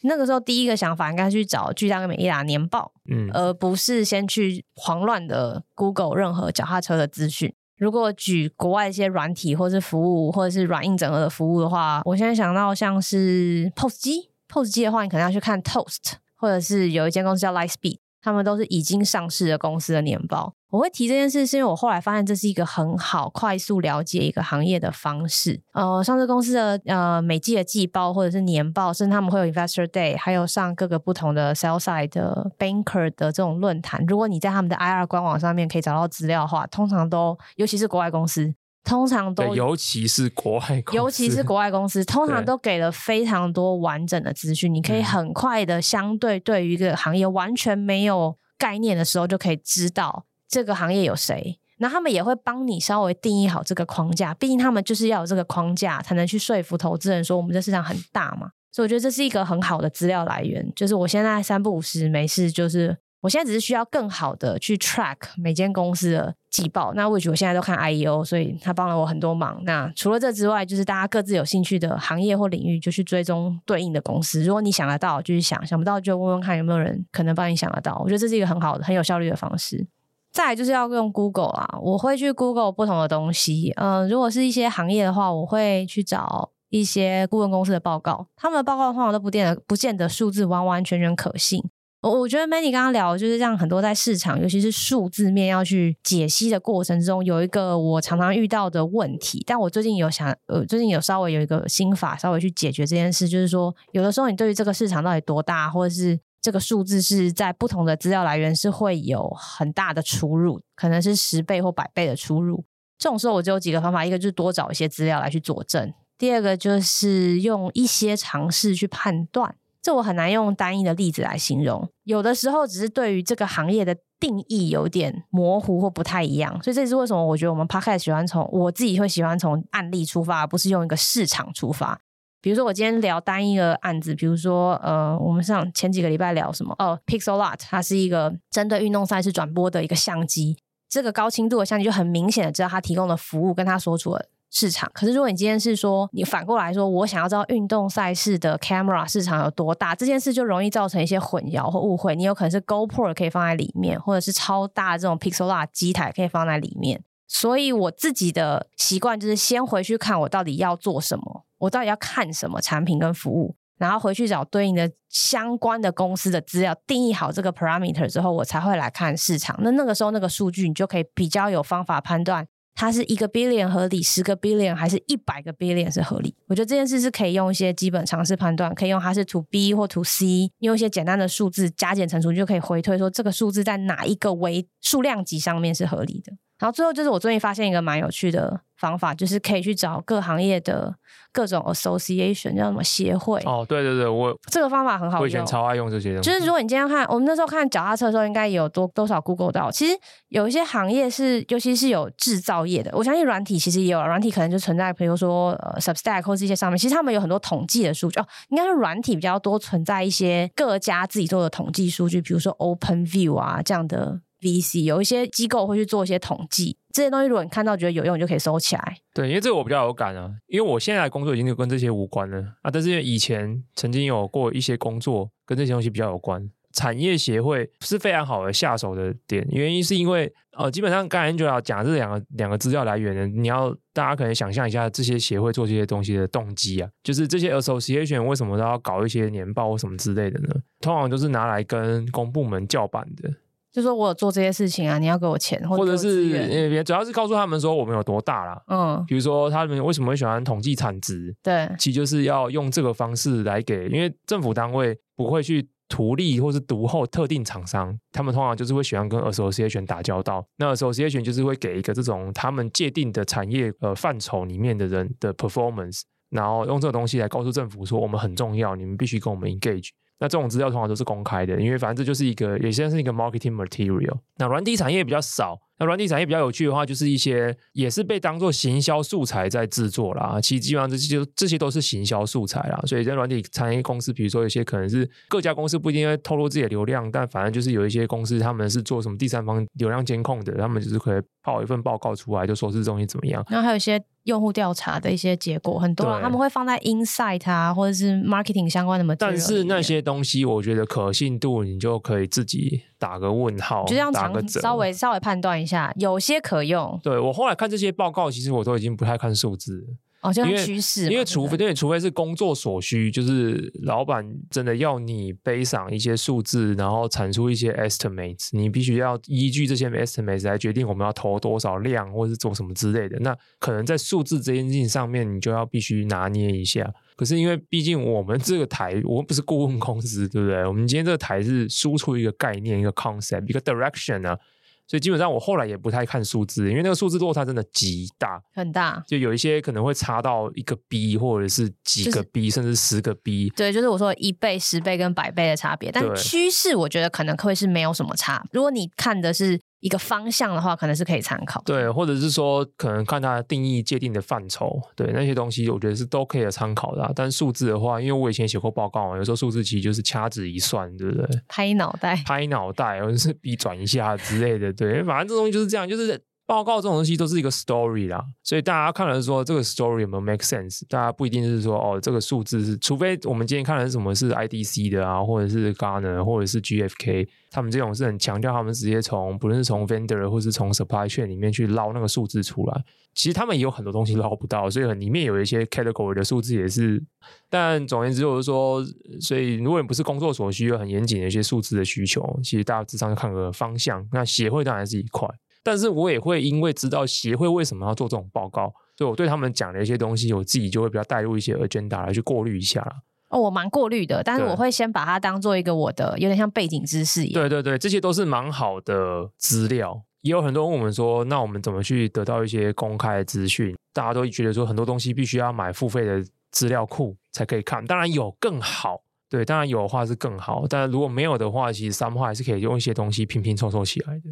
那個時候第一個想法應該去找巨大跟美利達年報，嗯，而不是先去慌亂的 Google 任何腳踏車的資訊。如果舉國外一些軟體或是服務，或者是軟硬整合的服務的話，我現在想到像是 POS 機。POS 機的話，你可能要去看 Toast，或者是有一間公司叫 Lightspeed，他們都是已經上市的公司的年報。我會提這件事，是因為我後來發現這是一個很好、快速了解一個行業的方式。呃，上市公司的呃每季的季報，或者是年報，甚至他們會有 Investor Day，還有上各個不同的 Sell Side 的 Banker 的這種論壇。如果你在他們的 IR 官網上面可以找到資料的話，通常都尤其是國外公司。通常都，尤其是國外，尤其是國外公司，通常都給了非常多完整的資訊，你可以很快的相對對於一個行業、嗯、完全沒有概念的時候，就可以知道這個行業有誰。那他們也會幫你稍微定義好這個框架，畢竟他們就是要有這個框架才能去說服投資人說我們這市場很大嘛。所以我覺得這是一個很好的資料來源，就是我現在三不五時沒事就是。我現在只是需要更好的去 track 每間公司的季報，那 which 我現在都看 IEO，所以他幫了我很多忙。那除了這之外，就是大家各自有興趣的行業或領域，就去追蹤對應的公司。如果你想得到，就去想；想不到，就問問看有沒有人可能幫你想得到。我覺得這是一個很好的、很有效率的方式。再來就是要用 Google 啊，我會去 Google 不同的東西。嗯，如果是一些行業的話，我會去找一些顧問公司的報告，他們的報告的話我都不見得，不見得數字完完全全可信。我我覺得 Manny 剛剛聊的就是這樣，很多在市場，尤其是數字面要去解析的過程中，有一個我常常遇到的問題。但我最近有想，呃，最近有稍微有一個心法，稍微去解決這件事，就是說，有的時候你對於這個市場到底多大，或者是這個數字是在不同的資料來源是會有很大的出入，可能是十倍或百倍的出入。這種時候我只有幾個方法，一個就是多找一些資料來去佐證，第二個就是用一些嘗試去判斷。這我很難用單一的例子來形容，有的時候只是對於這個行業的定義有點模糊或不太一樣，所以這是為什麼我覺得我們 podcast 喜歡從我自己會喜歡從案例出發，而不是用一個市場出發。比如說我今天聊單一個案子，比如說呃，我們上前幾個禮拜聊什麼？哦，PixelLot 它是一個針對運動賽事轉播的一個相機，這個高清度的相機就很明顯的知道它提供的服務，跟它說出來。市場，可是如果你今天是說你反過來說，我想要知道運動賽事的 camera 市場有多大這件事，就容易造成一些混淆或誤會。你有可能是 GoPro 可以放在裡面，或者是超大這種 Pixela 機台可以放在裡面。所以我自己的習慣就是先回去看我到底要做什麼，我到底要看什麼產品跟服務，然後回去找對應的相關的公司的資料，定義好這個 parameter 之後，我才會來看市場。那那個時候那個數據，你就可以比較有方法判斷。它是一個 billion 合理，十個 billion 還是一百個 billion 是合理？我覺得這件事是可以用一些基本常識判斷，可以用它是 to B 或 to C，用一些簡單的數字加減乘除就可以回推說這個數字在哪一個維數量級上面是合理的。然後最後就是我最近發現一個蠻有趣的方法，就是可以去找各行業的各種 association，叫什麼協會？哦，對對對，我這個方法很好，我以前超愛用這些的就是如果你今天看我們那時候看腳踏車的時候，應該有多多少 Google 到，其實有一些行業是，尤其是有制造業的，我相信軟體其實也有，軟體可能就存在，比如說、呃、Stack u b s 或者一些上面，其實他們有很多統計的數據哦，應該是軟體比較多存在一些各家自己做的統計數據，比如說 Open View 啊這樣的。VC 有一些機構會去做一些統計，這些東西如果你看到覺得有用，你就可以收起來。對，因為這個我比較有感啊，因為我現在的工作已經跟這些無關了啊，但是因為以前曾經有過一些工作跟這些東西比較有關。產業協會是非常好的下手的點，原因是因為呃，基本上剛才 Joel 講這兩個兩個資料來源呢，你要大家可能想象一下這些協會做這些東西的動機啊，就是這些 Association 為什麼都要搞一些年報或什麼之類的呢？通常都是拿來跟公部門叫板的。就說我有做這些事情啊，你要給我錢，或者是，或者是，也主要是告訴他們說我們有多大啦。嗯，比如說他們為什麼會喜歡統計產值？對，其實就是要用這個方式來給，因為政府單位不會去圖利或是獨後特定廠商，他們通常就是會喜歡跟二手 C o n 打交道。那二手 C o n 就是會給一個這種他們界定的產業呃範疇裡面的人的 performance，然後用這個東西來告訴政府說我們很重要，你們必須跟我們 engage。那這種資料通常都是公開的，因為反正這就是一個，也現在是一個 marketing material。那軟體產業也比較少。那軟體產業比較有趣的話，就是一些也是被當做行銷素材在製作啦，其實基本上這些這些都是行銷素材啦，所以在軟體產業公司，比如說一些可能是各家公司不一定會透露自己的流量，但反正就是有一些公司他們是做什麼第三方流量監控的，他們就是可以報一份報告出來，就說是這東西怎麼樣。然後還有一些用戶調查的一些結果，很多他們會放在 Insight 啊，或者是 Marketing 相關的麼。但是那些東西，我覺得可信度你就可以自己打個問號，打個折，稍微稍微判斷。一下有些可用，對，我後來看這些報告，其實我都已經不太看數字了哦就像，因為趨勢，因為除非對，除非是工作所需，就是老板真的要你背上一些數字，然後產出一些 estimates，你必須要依據這些 estimates 來決定我們要投多少量，或是做什麼之類的。那可能在數字這件事情上面，你就要必須拿捏一下。可是因為畢竟我們這個台，我們不是顧問公司，對不對？我們今天這個台是輸出一個概念，一個 concept，一個 direction 呢、啊？所以基本上我後來也不太看數字，因為那個數字落差真的極大，很大。就有一些可能會差到一個 B 或者是幾個 B，就是，甚至十個 B。對，就是我說的一倍、十倍跟百倍的差別。但趨勢我覺得可能會是沒有什麼差。如果你看的是，一個方向的話，可能是可以參考。對，或者是說，可能看它的定義界定的範疇，對那些東西，我覺得是都可以有參考的啊。但數字的話，因為我以前寫過報告嘛，有時候數字其實就是掐指一算，對不對？拍腦袋，拍腦袋，或者是筆轉一下之類的，對， 反正這東西就是這樣，就是。報告這種東西都是一個 story 啦，所以大家看了說這個 story 有沒有 make sense？大家不一定是說哦，這個數字是，除非我們今天看的是什麼是 IDC 的啊，或者是 Gartner 或者是 GFK，他們這種是很強調他們直接從不論是從 vendor 或是從 supply chain 裡面去撈那個數字出來。其實他們也有很多東西撈不到，所以很裡面有一些 category 的數字也是。但總而言之，就是說，所以如果你不是工作所需要很嚴謹的一些數字的需求，其實大家至少看個方向。那協會當然是一塊。但是我也會因為知道協會為什麼要做這種報告，所以我對他們講的一些東西，我自己就會比較帶入一些 agenda 來去過濾一下。哦，我蠻過濾的，但是我會先把它當做一個我的有點像背景知識一樣。對對對，這些都是蠻好的資料。嗯。也有很多問我們說，那我們怎麼去得到一些公開的資訊？大家都覺得說很多東西必須要買付費的資料庫才可以看。當然有更好，對，當然有的話是更好，但如果沒有的話，其實 somehow 還是可以用一些東西拼拼湊湊起來的。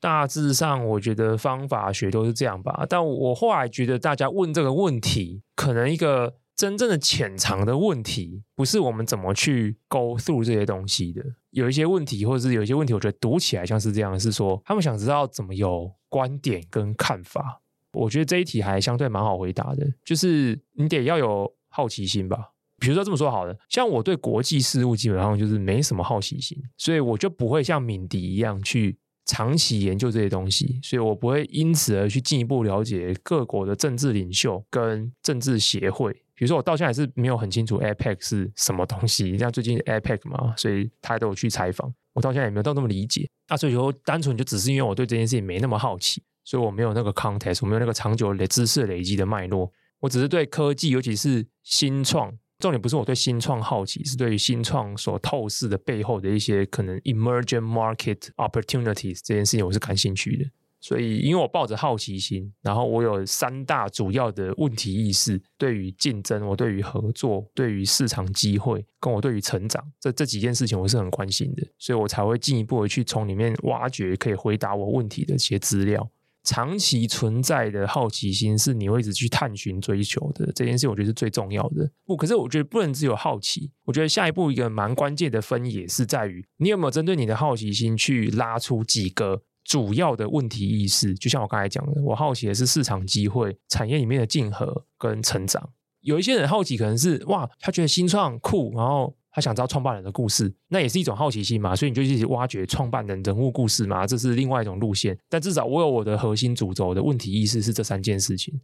大致上，我覺得方法學都是這樣吧。但我後來覺得，大家問這個問題，可能一個真正的潛藏的問題，不是我們怎麼去 go through 這些東西的。有一些問題，或者是有一些問題，我覺得讀起來像是這樣，是說他們想知道怎麼有觀點跟看法。我覺得這一題還相對蠻好回答的，就是你得要有好奇心吧。比如說這麼說好了，像我對國際事務基本上就是沒什麼好奇心，所以我就不會像敏迪一樣去，長期研究這些東西，所以我不會因此而去進一步了解各國的政治領袖跟政治協會。比如說，我到現在還是沒有很清楚 APEC 是什麼東西。你像最近 APEC 嘛，所以他都有去採訪，我到現在也沒有到那麼理解。那、啊、所以說，單純就只是因為我對這件事情沒那麼好奇，所以我沒有那個 context，我沒有那個長久的知識累積的脈絡。我只是對科技，尤其是新創。重點不是我對新創好奇，是對於新創所透視的背後的一些可能 emergent market opportunities 這件事情我是感興趣的。所以，因為我抱着好奇心，然後我有三大主要的問題意識：對於競爭，我對於合作，對於市場機會，跟我對於成長這這幾件事情我是很關心的。所以我才會進一步的去從裡面挖掘可以回答我問題的一些資料。長期存在的好奇心是你會一直去探尋、追求的這件事，我覺得是最重要的。不，可是我覺得不能只有好奇。我覺得下一步一個蠻關鍵的分野，是在於，你有沒有針對你的好奇心去拉出幾個主要的問題意識。就像我剛才講的，我好奇的是市場機會、產業裡面的競合跟成長。有一些人好奇可能是哇，他覺得新創很酷，然後。他想知道創辦人的故事，那也是一種好奇心嘛，所以你就一直挖掘創辦人人物故事嘛，這是另外一種路線。但至少我有我的核心主軸的問題意識是這三件事情。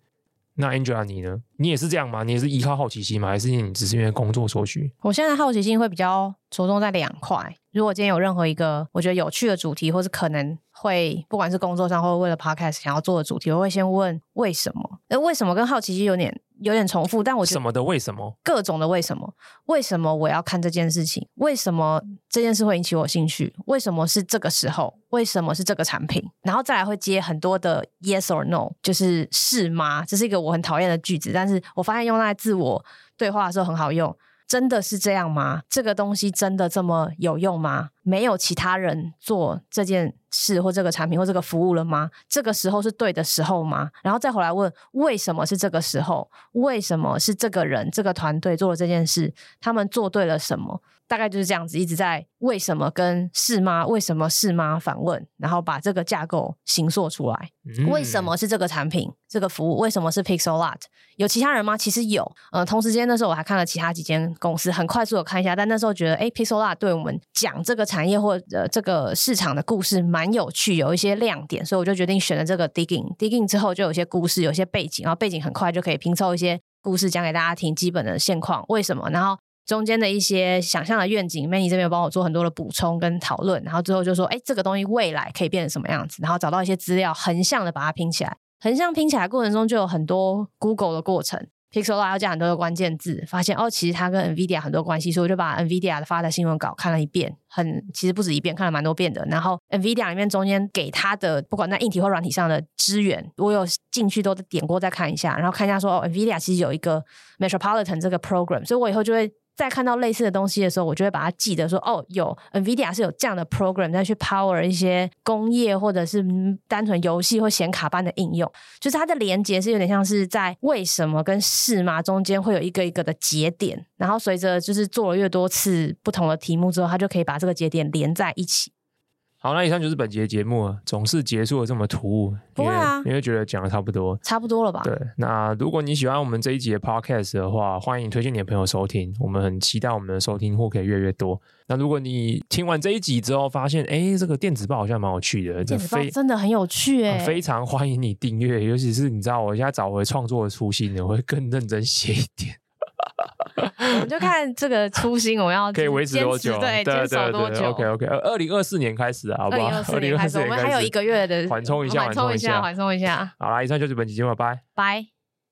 那 Angela 你呢？你也是這樣嗎？你也是依靠好奇心嗎？還是你只是因為工作所需？我現在好奇心會比較着重在兩塊。如果今天有任何一個我覺得有趣的主題，或是可能會不管是工作上，或者為了 Podcast 想要做的主題，我會先問為什麼？那、呃、為什麼跟好奇心有點？有點重複，但我是什,什麼的為什麼，各種的為什麼，為什麼我要看這件事情？為什麼這件事會引起我興趣？為什麼是這個時候？為什麼是這個產品？然後再來會接很多的 yes or no，就是是嗎？這是一個我很討厭的句子，但是我發現用在自我對話的時候很好用。真的是這樣嗎？這個東西真的這麼有用嗎？沒有其他人做這件。是或這個產品或這個服務了嗎？這個時候是對的時候嗎？然後再回來問為什麼是這個時候？為什麼是這個人這個團隊做了這件事？他們做對了什麼？大概就是這樣子，一直在為什麼跟是嗎？為什麼是嗎？反問，然後把這個架構形塑出來、嗯。為什麼是這個產品、這個服務？為什麼是 Pixelart？有其他人嗎？其實有。呃、嗯，同時間那時候，我還看了其他幾間公司，很快速的看一下。但那時候覺得，哎、欸、，Pixelart 對我們講這個產業或者這個市場的故事蠻有趣，有一些亮點，所以我就決定選了這個 Digging。Digging 之後，就有些故事，有些背景，然後背景很快就可以拼湊一些故事講給大家聽。基本的現況，為什麼？然後。中間的一些想象的願景，Manny 這邊有幫我做很多的補充跟討論，然後最後就說，哎，這個東西未來可以變成什麼樣子？然後找到一些資料，橫向的把它拼起來，橫向拼起來的過程中就有很多 Google 的過程，Pixel 要講很多的關鍵字，發現哦，其實它跟 NVIDIA 很多關係，所以我就把 NVIDIA 的發的新聞稿看了一遍，很其實不止一遍，看了蠻多遍的。然後 NVIDIA 裡面中間給它的不管在硬體或軟體上的資源，我有進去都點過再看一下，然後看一下說，哦，NVIDIA 其實有一個 Metropolitan 這個 program，所以我以後就會，在看到類似的東西的時候，我就會把它記得說，哦，有 NVIDIA 是有這樣的 program 再去 power 一些工業或者是單純遊戲或顯卡般的應用，就是它的連接是有點像是在為什麼跟是嗎中間會有一個一個的節點，然後隨着就是做了越多次不同的題目之後，它就可以把這個節點連在一起。好，那以上就是本節節目了。總是結束了這麼突兀，啊、因為因為覺得講的差不多，差不多了吧？對。那如果你喜歡我們這一集的 podcast 的話，歡迎推薦你的朋友收聽。我們很期待我們的收聽戶，可以越來越多。那如果你聽完這一集之後發現，哎、欸，這個電子報好像蠻有趣的，這非電子報真的很有趣，欸、哎、啊，非常歡迎你訂閱。尤其是你知道，我現在找回創作的初心，我會更認真寫一點。 我們就看這個初心，我要堅持可以維持多久？對，對，對，堅持多久？OK，OK。二零二四年開始啊，好不好？二零二四年開始，我們還有一個月的緩衝一下，緩衝一下，緩衝一下。一下一下 好啦，以上就是本期節目，拜拜。